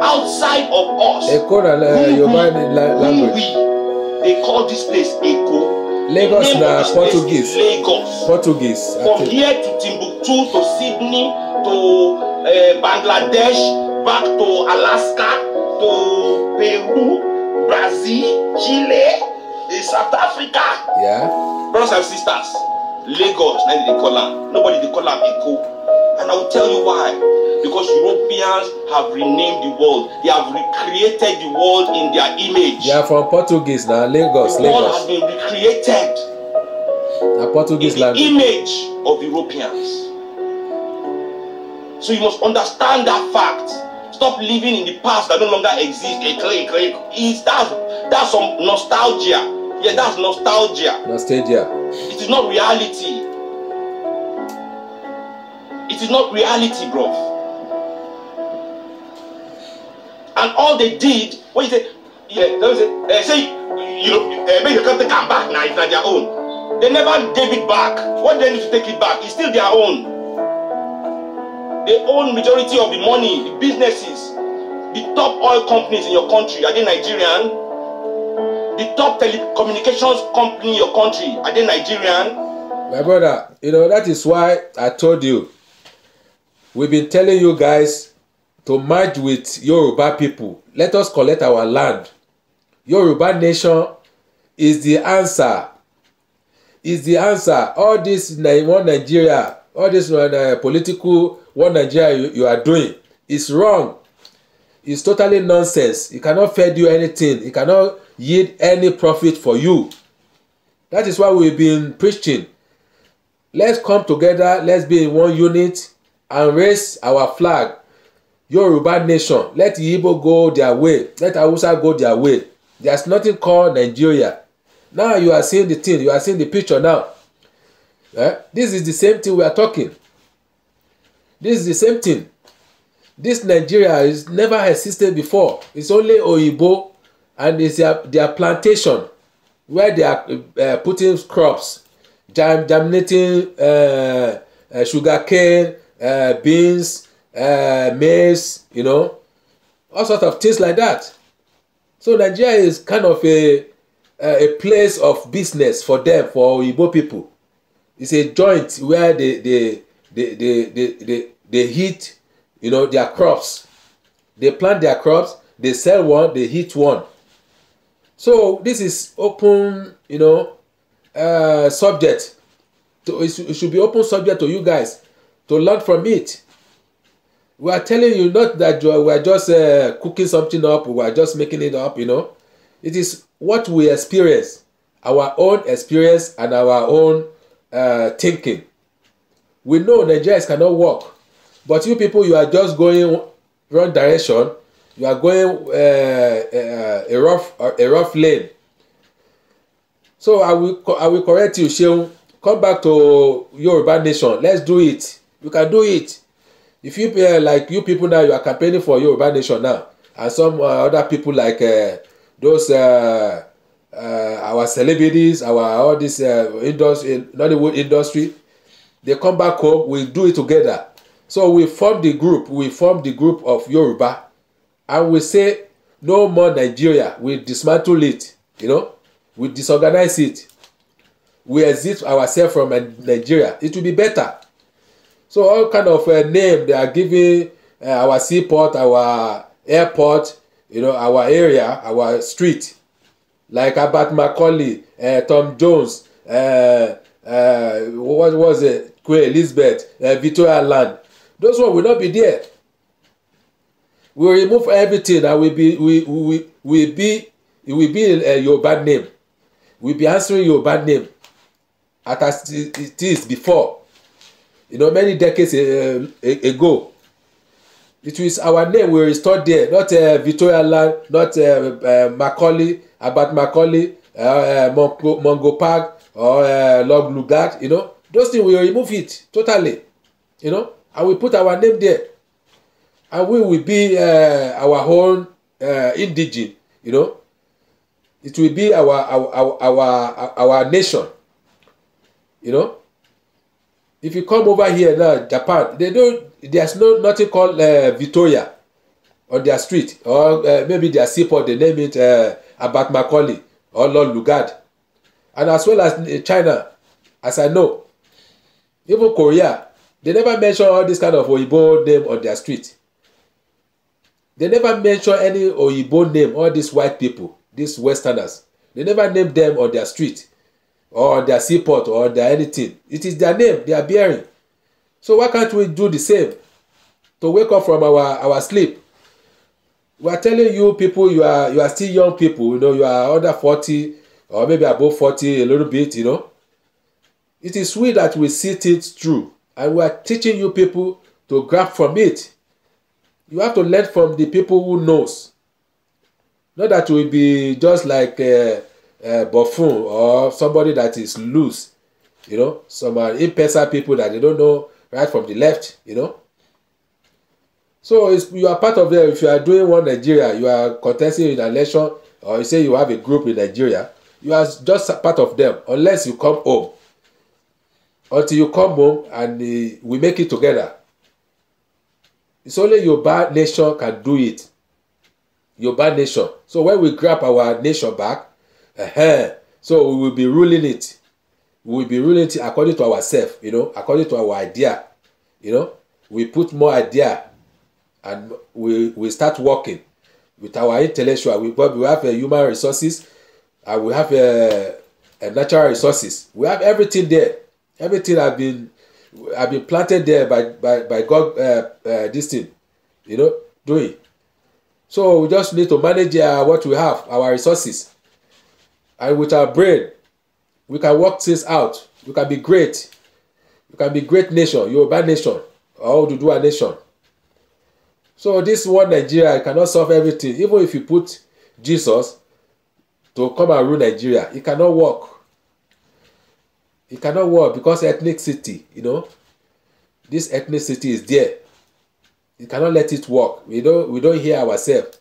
outside of us. Èkó na Yorùbá language. We, they call this place Eko. Lagos na Portuguese. Lagos. Portuguese. From here to Timbuktu to Sydney to uh, Bangladesh back to Alaska to Peru, Brazil, Chile, eh, South Africa. Yeah. Brothers and sisters. Lagos, now they call Nobody they call them Eko, And I will tell you why. Because Europeans have renamed the world. They have recreated the world in their image. They are from Portuguese now, Lagos. The world has been recreated. The Portuguese in the language. image of Europeans. So you must understand that fact. Stop living in the past that no longer exists. that. that's some nostalgia. Yeah, that's nostalgia. Nostalgia. It is not reality. It is not reality, bro. And all they did, what you say, yeah, they say, uh, say you know, uh, make country come back now, it's not their own. They never gave it back. What they need to take it back? It's still their own. They own majority of the money, the businesses, the top oil companies in your country. Are they Nigerian? the top telecommunications company in your country are they nigerian. my brother you know that is why i told you we been telling you guys to merge with yoruba people let us collect our land yoruba nation is the answer is the answer all this one nigeria all this uh, uh, political one nigeria you, you are doing is wrong is totally nonsense e cannot fed you anything e cannot yield any profit for you. That is why we've been preaching. Let's come together, let's be in one unit and raise our flag. Yoruba nation, let the Igbo go their way, let Hausa go their way. There's nothing called Nigeria. Now you are seeing the thing, you are seeing the picture now. Eh? This is the same thing we are talking. This is the same thing. This Nigeria is never existed before. It's only Oyibo and it's their, their plantation where they are uh, putting crops, dominating germinating uh, uh, sugar cane, uh, beans, uh, maize, you know, all sorts of things like that. So Nigeria is kind of a uh, a place of business for them, for Igbo people. It's a joint where they they they they they, they, they heat, you know, their crops. They plant their crops, they sell one, they heat one. so this is open you know uh, subject to it should, be open subject to you guys to learn from it we are telling you not that we are just uh, cooking something up we are just making it up you know it is what we experience our own experience and our own uh, thinking we know nigerians cannot work but you people you are just going wrong direction you are going uh, uh, a rough uh, a rough lane so i will i will correct you seun come back to yoruba nation let's do it you can do it if you uh, like you people now you are campaigning for yoruba nation now and some uh, other people like uh, those uh, uh, our celebrities our all this uh, industry nollywood industry they come back home we do it together so we form the group we form the group of yoruba And we say no more Nigeria. We dismantle it. You know, we disorganize it. We exit ourselves from Nigeria. It will be better. So all kind of uh, name they are giving uh, our seaport, our airport, you know, our area, our street, like Abat Macaulay, uh, Tom Jones, uh, uh, what was it, Queen Elizabeth, uh, Victoria Land. Those one will not be there we remove everything and we be we we we be we be uh, bad name we be answering your bad name at as it is before you know many decades uh, ago it is our name we restore there not uh, Victoria land not uh, uh, Macaulay about Macaulay uh, uh, Mongo, Mongo Park or uh, Log Lugard you know those things we remove it totally you know and we put our name there and we will be uh, our own uh, indigene, you know. It will be our our, our our our nation, you know. If you come over here now, Japan, they don't. There's no nothing called uh, Victoria on their street, or uh, maybe their seaport. They name it uh, Abat Macaulay or Lord Lugard, and as well as uh, China, as I know, even Korea, they never mention all this kind of Oyibo name on their street they never mention any oyibo name all these white people these westerners they never name them on their street or their seaport or their anything it is their name they are bearing so why can't we do the same to wake up from our our sleep we are telling you people you are you are still young people you know you are under forty or maybe above forty a little bit you know it is we that we see things through and we are teaching you people to grab from it you have to learn from the people who knows not that you will be just like a, uh, a uh, buffoon or somebody that is loose you know some are impesa people that they don't know right from the left you know so it's, you are part of them if you are doing one nigeria you are contesting in election or you say you have a group in nigeria you are just part of them unless you come home until you come home and uh, we make it together It's only your bad nation can do it. Your bad nation. So when we grab our nation back, uh-huh, so we will be ruling it. We will be ruling it according to ourselves, you know, according to our idea. You know, we put more idea and we, we start working with our intellectual. We, we have a uh, human resources and we have a uh, uh, natural resources. We have everything there. Everything I've been I've been planted there by by by God uh, uh, this thing, you know, doing. So we just need to manage uh, what we have, our resources, and with our brain, we can work things out. We can be great. We can be great nation, Yoruba nation, How do a nation. So this one Nigeria cannot solve everything. Even if you put Jesus to come and rule Nigeria, it cannot work. It cannot work because ethnicity, you know, this ethnicity is there. You cannot let it work. We don't we don't hear ourselves.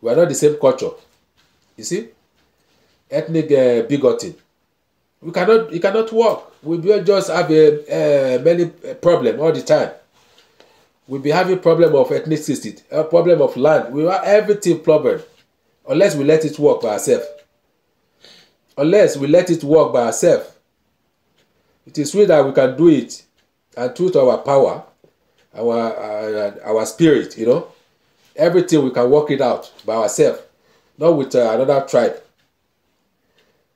We are not the same culture. You see, ethnic uh, bigoting. We cannot it cannot work. We will just have a, uh, many uh, problem all the time. We'll be having problem of ethnicity, a uh, problem of land. We are everything problem, unless we let it work by ourselves. Unless we let it work by ourselves It is we that we can do it, and through our power, our uh, our spirit, you know, everything we can work it out by ourselves, not with uh, another tribe.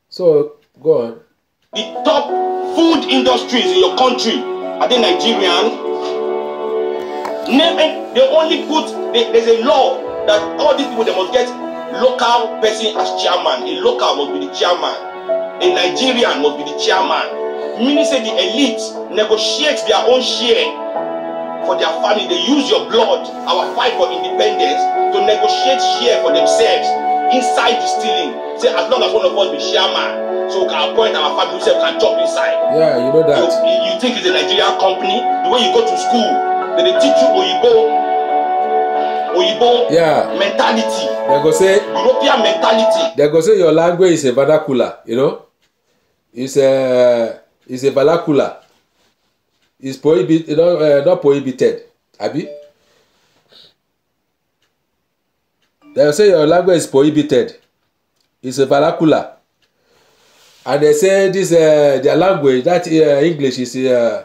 So go on. The top food industries in your country are they Nigerian? Name eh, they only put they, there's a law that all these people they must get local person as chairman. A local must be the chairman. A Nigerian must be the chairman. Meaning, say the elite negotiate their own share for their family. They use your blood, our fight for independence, to negotiate share for themselves inside the stealing. Say, as long as one of us be chairman, so we can appoint our family, we can chop inside. Yeah, you know that. You, you think it's a Nigerian company? The way you go to school, then they teach you Oyibo oyibo yeah. mentality. They go say european mentality. They go say your language is a vernacular you know it's a uh, is a vernacular is prohibited eh, not, uh, not prohibited abi dem say your language is prohibited is a vernacular and they say this uh, their language that uh, english is uh,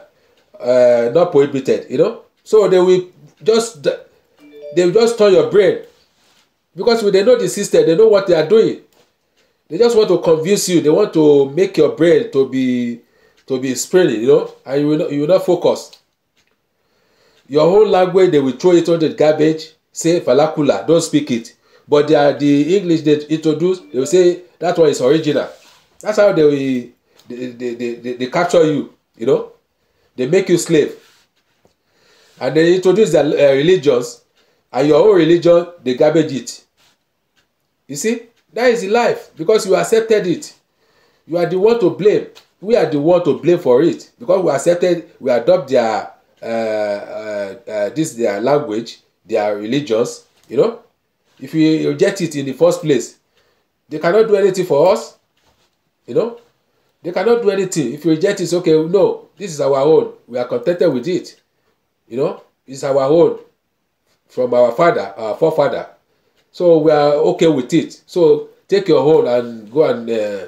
uh, not prohibited you know so they will just they will just turn your brain because when they know the system they know what they are doing they just want to confuse you they want to make your brain to be to be spreading, you know, and you will not, you will not focus. Your whole language, they will throw it on the garbage, say falakula, don't speak it. But they the English they introduce, they say that one is original. That's how they will they, they, they, they, capture you, you know. They make you slave. And they introduce their uh, religions, and your own religion, they garbage it. You see, that is life because you accepted it. You are the one to blame we are the one to blame for it because we accepted we adopt their uh, uh, uh, this their language their religions you know if we reject it in the first place they cannot do anything for us you know they cannot do anything if you reject it okay no this is our own we are contented with it you know it's our own from our father our forefather so we are okay with it so take your own and go and uh,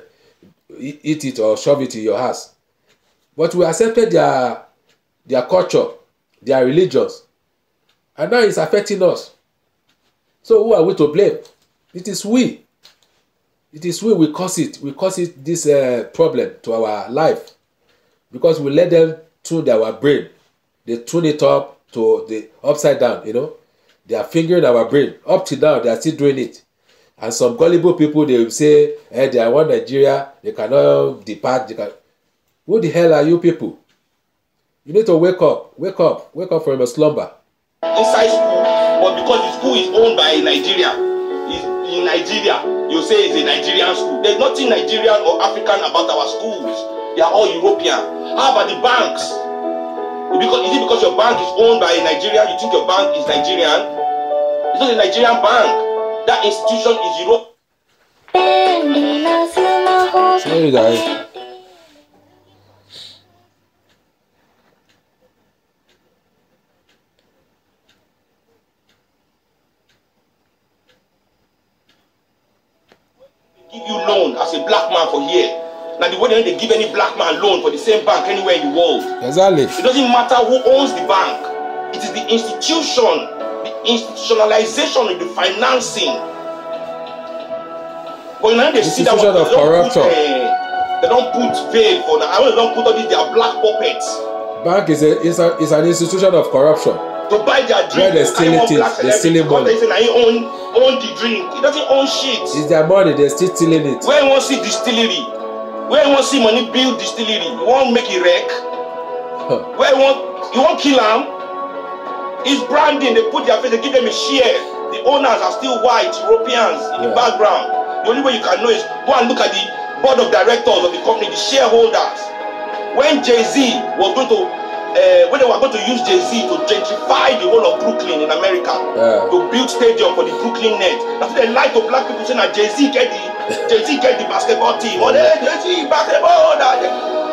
eat it or shove it in your house but we accepted their their culture their religions and now it's affecting us so who are we to blame it is we it is we we cause it we cause it this uh, problem to our life because we let them tune our brain they tune it up to the upside down you know they are fingering our brain up till now they are still doing it and some gullible people dey say hey, eh, they are one nigeria they cannot depart they can who the hell are you people you need to wake up wake up wake up from your slumber. inside school but because the school is owned by nigeria is in nigeria you say it's a nigerian school there's nothing nigerian or african about our schools they are all european how about the banks because is it because your bank is owned by a nigerian you think your bank is nigerian it's not a nigerian bank That institution is Europe. Sorry guys. give you loan as a black man for here. Now the way they don't give any black man loan for the same bank anywhere in the world. Exactly. It doesn't matter who owns the bank. It is the institution the institutionalization in the financing. But now they see that one, they, don't put, uh, they don't put veil for that. I mean, they don't put all these their black puppets. Bank is a is, a, is an institution of corruption. To buy their drink, where they steal it, they steal it money. They own own the drink. He doesn't own shit. It's their money. They're still stealing it. Where you want see distillery? Where you want see money build distillery? You want make it wreck? Huh. Where you want you want kill them? It's branding. They put their face, they give them a share. The owners are still white, Europeans in yeah. the background. The only way you can know is go and look at the board of directors of the company, the shareholders. When Jay-Z was going to, uh, when they were going to use Jay-Z to gentrify the whole of Brooklyn in America, yeah. to build stadium for the Brooklyn Nets. That's they like to black people saying that Jay-Z get the Jay-Z get the basketball team. Or oh, Jay-Z basketball. Oh,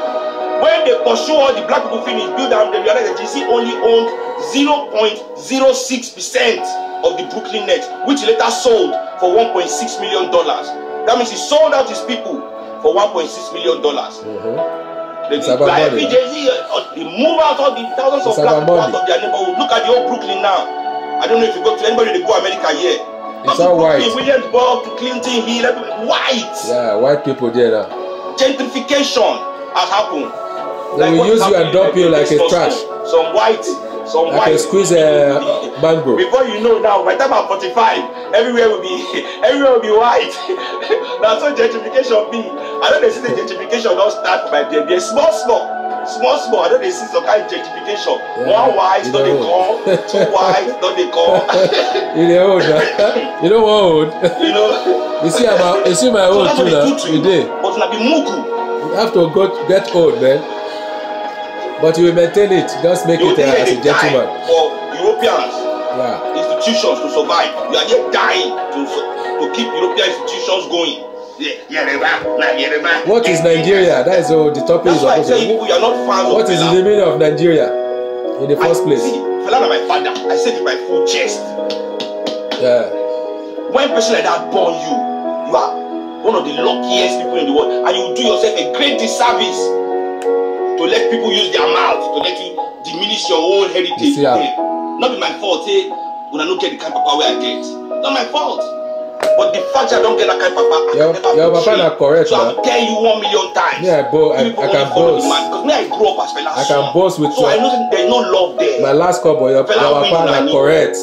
when they pursue all the black people finish, build them, they realize that GC only owned 0.06% of the Brooklyn Nets, which later sold for $1.6 million. That means he sold out his people for $1.6 million. Mm-hmm. They it's uh, they move out all the thousands it's of black people out of their neighborhood. Look at the old Brooklyn now. I don't know if you go to anybody to go America here. It's all white. Williamsburg to Clinton Hill, white. Yeah, white people there now. Gentrification has happened. They will use you and dump you like a trash. Some white, some like white. Like a squeeze a uh, mango. Before you know now, by the time I'm 45, everywhere will be, everywhere will be white. That's what gentrification be. I know they see the gentrification don't start by the they small, small. small small i don dey see some kind of gentrification yeah, one white not dey call. two white not dey call. you know old na you know what? old you, know? you see about you see my old too na you did. but na be muku. you have to go get old man. But you will maintain it. Just make it uh, as a gentleman. For Europeans, yeah. institutions to survive. You are just dying to to keep European institutions going. What is Nigeria? That is uh, the topic That's is why I tell you people, you are not fans What of is Fela. the meaning of Nigeria in the first I, place? See, of my father. I said it my full chest. Yeah. When a person like that born you, you are one of the luckiest people in the world, and you do yourself a great disservice to let people use their mouth to let you diminish your own heritage. You hey, eh, not be my fault, Say, when I don't get the kind of papa where I get. Not my fault. But the fact I don't get that kind of papa, I your, can never your papa not correct. So man. I will tell you one million times. Yeah, but I, I can boast. Because me, I grew up as fella. I can boast with so you. So I know there's no love there. My last couple, your, your papa not correct.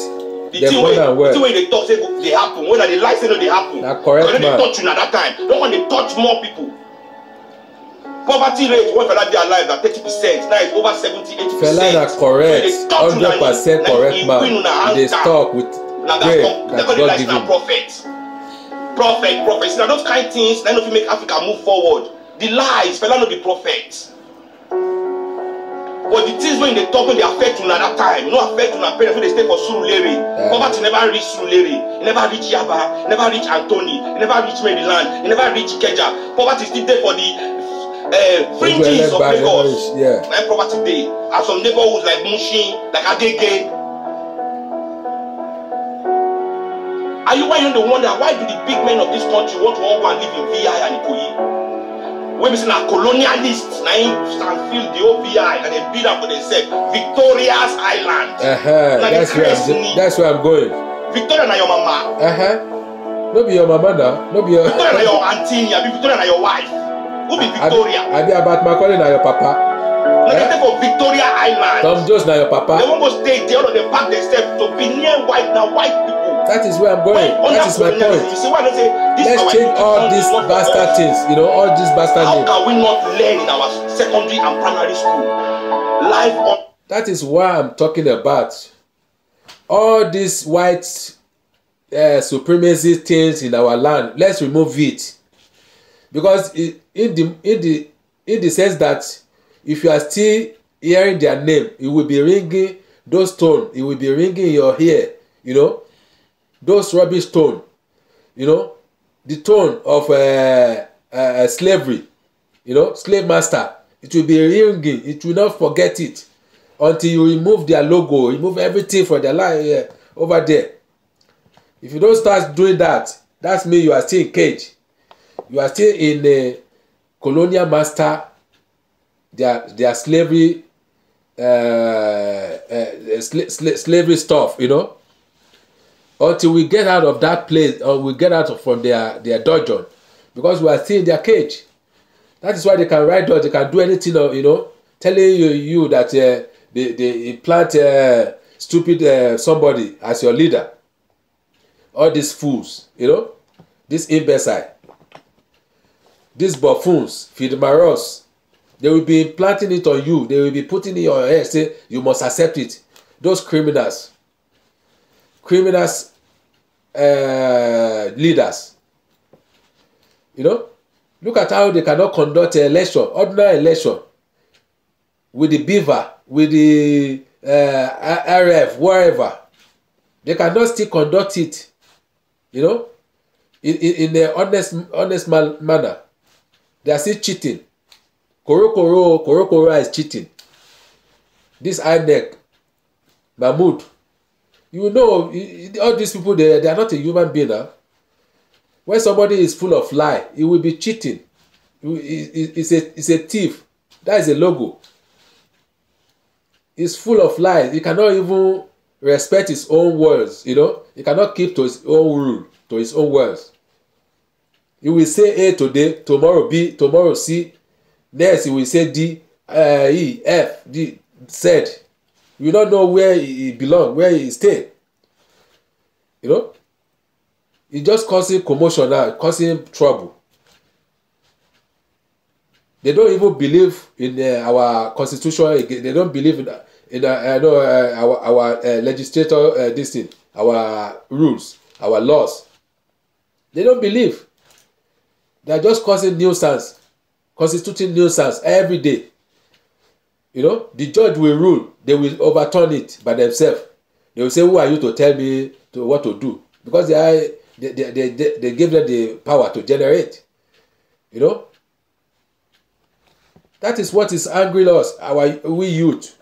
The thing, when, the thing when they talk say they happen, when they lie say no they happen. Now correct when man. they touch you at that time, don't want to touch more people poverty rate when Fela dey alive na thirty percent now it's over seventy eighty percent. Fela na correct hundred percent correct man he dey talk with prayer that God give him. prophet prophet prophet na those kind things na no fit make Africa move forward the lies Fela no be prophet but the things when they talk wey dey affect To another time no affect to parents wey they stay for Surulere yeah. poverty never reach Surulere never reach Yaba never reach Anthony never reach Maryland never reach Ikeja poverty still there for the uh, fringes of Lagos yeah. My eh, property day. and some neighborhoods like Mushin like Agege. Are you why you wonder why do the big men of this country want to all go and live in VI and Ikoyi? We're missing say na colonialist na and stand feel the whole VI and dem build am for themselves. Victoria's Island. Uh-huh. Na the crest ni. That's where I'm going. Victoria na your mama. Uh-huh. No be your mama na. No be your. Victoria na your auntie abi Victoria na your wife who be victoria. abi abat macaulay na your papa. negative eh? of victoria island. tom jones na your papa. they wan go stay there all of park. pack themselves to be near white na white people. that is where i'm going when, that is my point you see, I say, this let's change all these bastard things you know all these bastard things. how can we not learn in our secondary and primary school life on. that is why i'm talking about all these white uh, supremacy things in our land let's remove it because in the in the in the sense that if you are still hearing their name it will be ringing those tone. it will be ringing your ear you know those rubbish tone, you know the tone of uh, uh, slavery you know slave master it will be ringing it will not forget it until you remove their logo remove everything from their life uh, over there if you don start doing that that mean you are still in cage you are still in the colonial master their their slavery uh, uh, sla sla slavery stuff you know until we get out of that place or we get out from their their dungeon because we are still in their cage that is why they can write down they can do anything uh, you know telling you you that uh, they they implant uh, stupid uh, somebody as your leader all these fools you know this imbecile these buffoons fidimarus they will be implanting it on you they will be putting it on your head say you must accept it those criminals criminals uh, leaders you know look at how they cannot conduct an election ordinary election with the beaver with the uh, eh, rf wherever they cannot still conduct it you know in in, in a honest honest man, manner they are still cheating korokoro korokoro is cheating this inec mahmood you know all these people they, they are not a human being now huh? when somebody is full of lie he will be cheating he is a he is a thief that is a logo he is full of lies he cannot even respect his own words you know he cannot keep to his own rule to his own words You will say a today tomorrow b tomorrow c next you will say d uh, e f d z you no know where he belong where he stay you know e just causing commotion now causing trouble they don't even believe in uh, our constitution again they don't believe in, in uh, uh, no, uh, our, our uh, legislator uh, this thing our rules our laws they don't believe they are just causing nuisance constituting nuisance every day you know the judge will rule they will overturn it by themselves they will say who are you to tell me to what to do because they are they they they, they, give them the power to generate you know that is what is angry us our we youth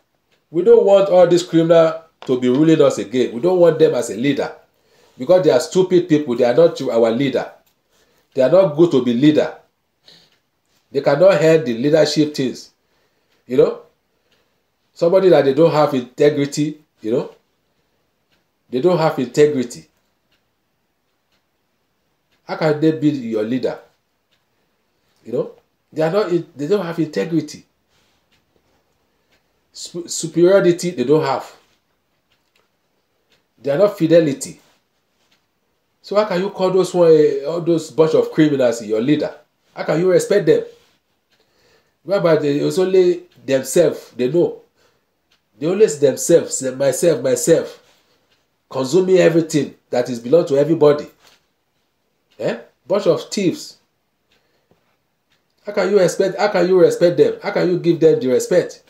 we don't want all these criminals to be ruling us again we don't want them as a leader because they are stupid people they are not our leader They are not good to be leader. They cannot head the leadership things. You know, somebody that they don't have integrity. You know, they don't have integrity. How can they be your leader? You know, they are not. They don't have integrity. Superiority they don't have. They are not fidelity. So how can you call those one, eh, all those bunch of criminals your leader? How can you respect them? Remember, they it's only themselves they know. They only themselves, myself, myself, consuming everything that is belong to everybody. Eh? Bunch of thieves. How can you respect? How can you respect them? How can you give them the respect?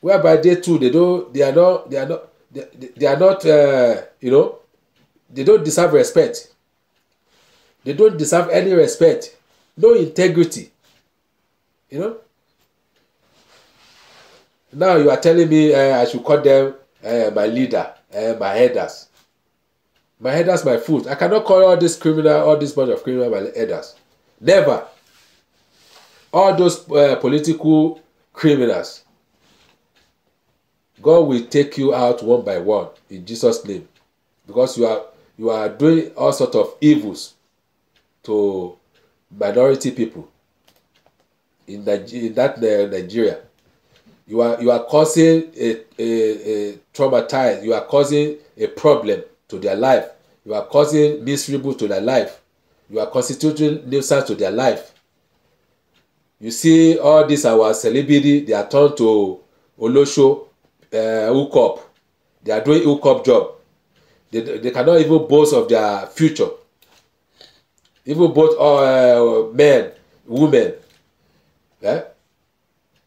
Whereby they too, they don't, they are not, they are not, they, they are not, uh, you know They don't deserve respect. They don't deserve any respect. No integrity. You know? Now you are telling me uh, I should call them uh, my leader, uh, my headers. My headers, my foot. I cannot call all this criminal, all this bunch of criminal my headers. Never. All those uh, political criminals. God will take you out one by one in Jesus' name. Because you are you are doing all sort of evils to minority people in, Niger- in that uh, Nigeria. You are you are causing a, a, a traumatized. You are causing a problem to their life. You are causing miserable to their life. You are constituting nuisance to their life. You see all this our celebrity they are turned to Olosho uh, hookup. They are doing hookup job they, they cannot even boast of their future even both uh, men women eh?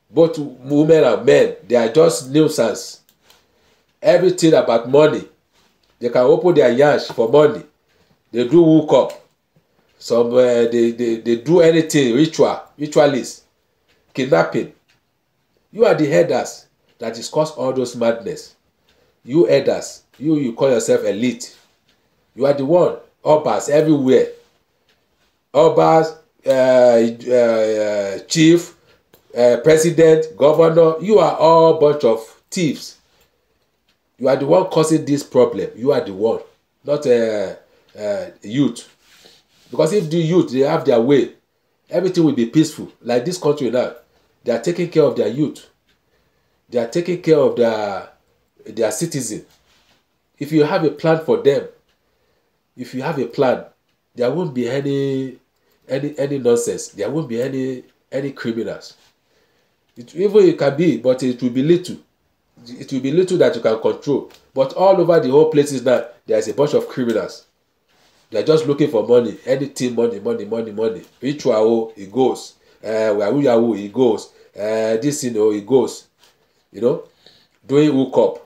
both women and men they are just nuisance everything about money they can open their yansh for money they do hook up some uh, they, they they do anything ritual ritualist kidnapping you are the headers that is cause all those madness you headers you you call yourself elite you are the one obas everywhere obas uh, uh, chief uh, president governor you are all bunch of thieves you are the one causing this problem you are the one not uh, uh, youth because if the youth they have their way everything will be peaceful like this country now they are taking care of their youth they are taking care of their their citizen if you have a plan for them if you have a plan there won't be any any any nonsense there won't be any any criminals it even it can be but it will be little it will be little that you can control but all over the whole places now there is a bunch of criminals they are just looking for money anything money money money money ritual o e goes uh, yahoo yahoo e goes eh, this thing o oh, e goes you know doing up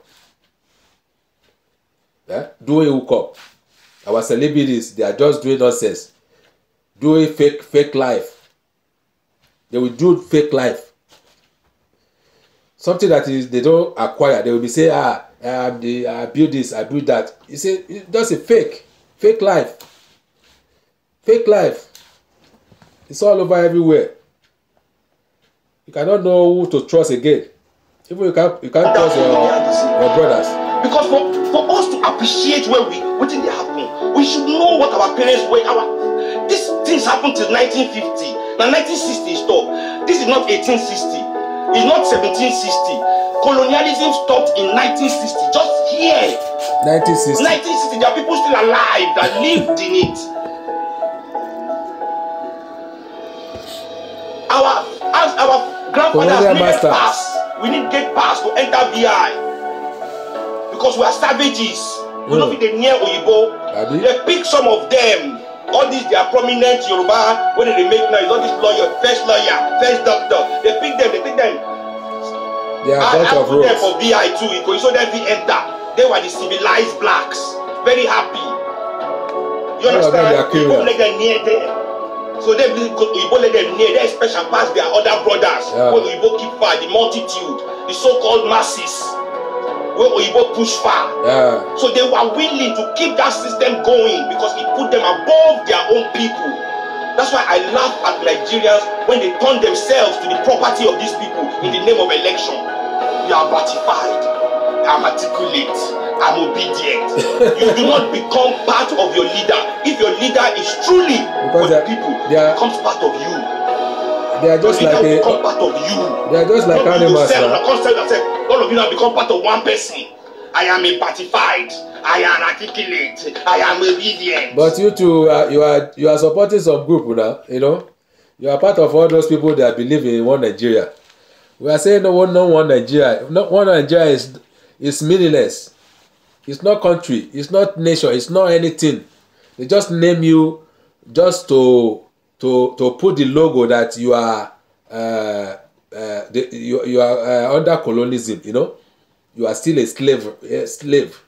eh? doing hookup our celebrities they are just doing nonsense doing fake fake life they will do fake life something that is they don't acquire they will be say ah i i build this i build that you see, that's a fake fake life fake life it's all over everywhere you cannot know who to trust again even you can't, you can't trust your your brothers. because for appreciate when we what they happen. We should know what our parents were. Our these things happened till 1950. Now 1960 stopped. This is not 1860. It's not 1760. Colonialism stopped in 1960. Just here. 1960. 1960. There are people still alive that lived in it. Our as our grandfathers a pass. We need get pass to enter BI because we are savages. You know, if they near Oyibo, they pick some of them. All these, they are prominent Yoruba, when they make noise, all these lawyer, first lawyer, first doctor, they pick them, they pick them. They are I, I put them for BI too, because so then we enter. They were the civilized blacks, very happy. You understand? People let them near there. So them Igbo let them near, they special pass their other brothers. Yeah. When Igbo keep far, the multitude, the so-called masses wey oyibo push far yeah. so they were willing to keep that system going because it put them above their own people that's why i laugh at nigerians when they turn themselves to the property of these people in the name of election you are ratified i'm articulate i'm obedient you do not become part of your leader if your leader is truly because for the people they are, becomes part of you they are just like a, part of you. They are just like Not animals. Yourself, right? All of you have become part of one person. I am a I am articulate. I am obedient. But you two, uh, you are you are supporting some group now. You know, you are part of all those people that believe in one Nigeria. We are saying no one, no one Nigeria. Not one Nigeria is is meaningless. It's not country. It's not nation. It's not anything. They just name you just to to to put the logo that you are uh, uh, the, you, you are uh, under colonialism you know you are still a slave a slave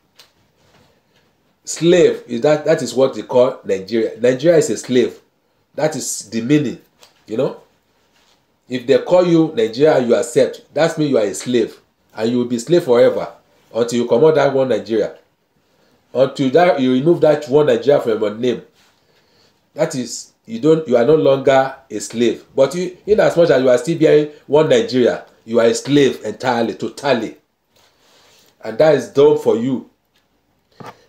slave is that that is what they call nigeria nigeria is a slave that is the meaning you know if they call you nigeria you accept that means you are a slave and you will be slave forever until you comot that one nigeria until that you remove that one nigeria from your name that is you don't you are no longer a slave but you, in as much as you are still bearing one nigeria you are a slave entirely totally and that is done for you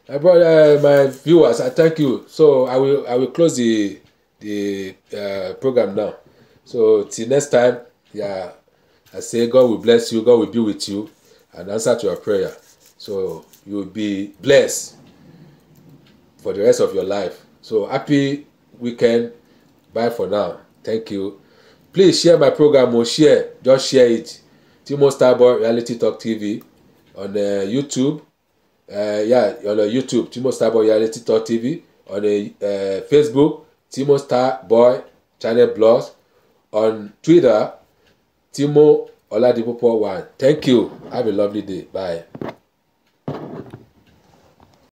my brother uh, my viewers i thank you so i will i will close the the uh, program now so till next time yeah i say god will bless you god will be with you and answer to your prayer so you will be blessed for the rest of your life so happy weekend. Bye for now. Thank you. Please share my program or share. Just share it. Timo Starboy Reality Talk TV on uh, YouTube. Uh, yeah, on uh, YouTube, Timo Starboy Reality Talk TV. On uh, uh, Facebook, Timo Starboy Channel Blogs. On Twitter, Timo Oladipopo 1. Thank you. Have a lovely day. Bye.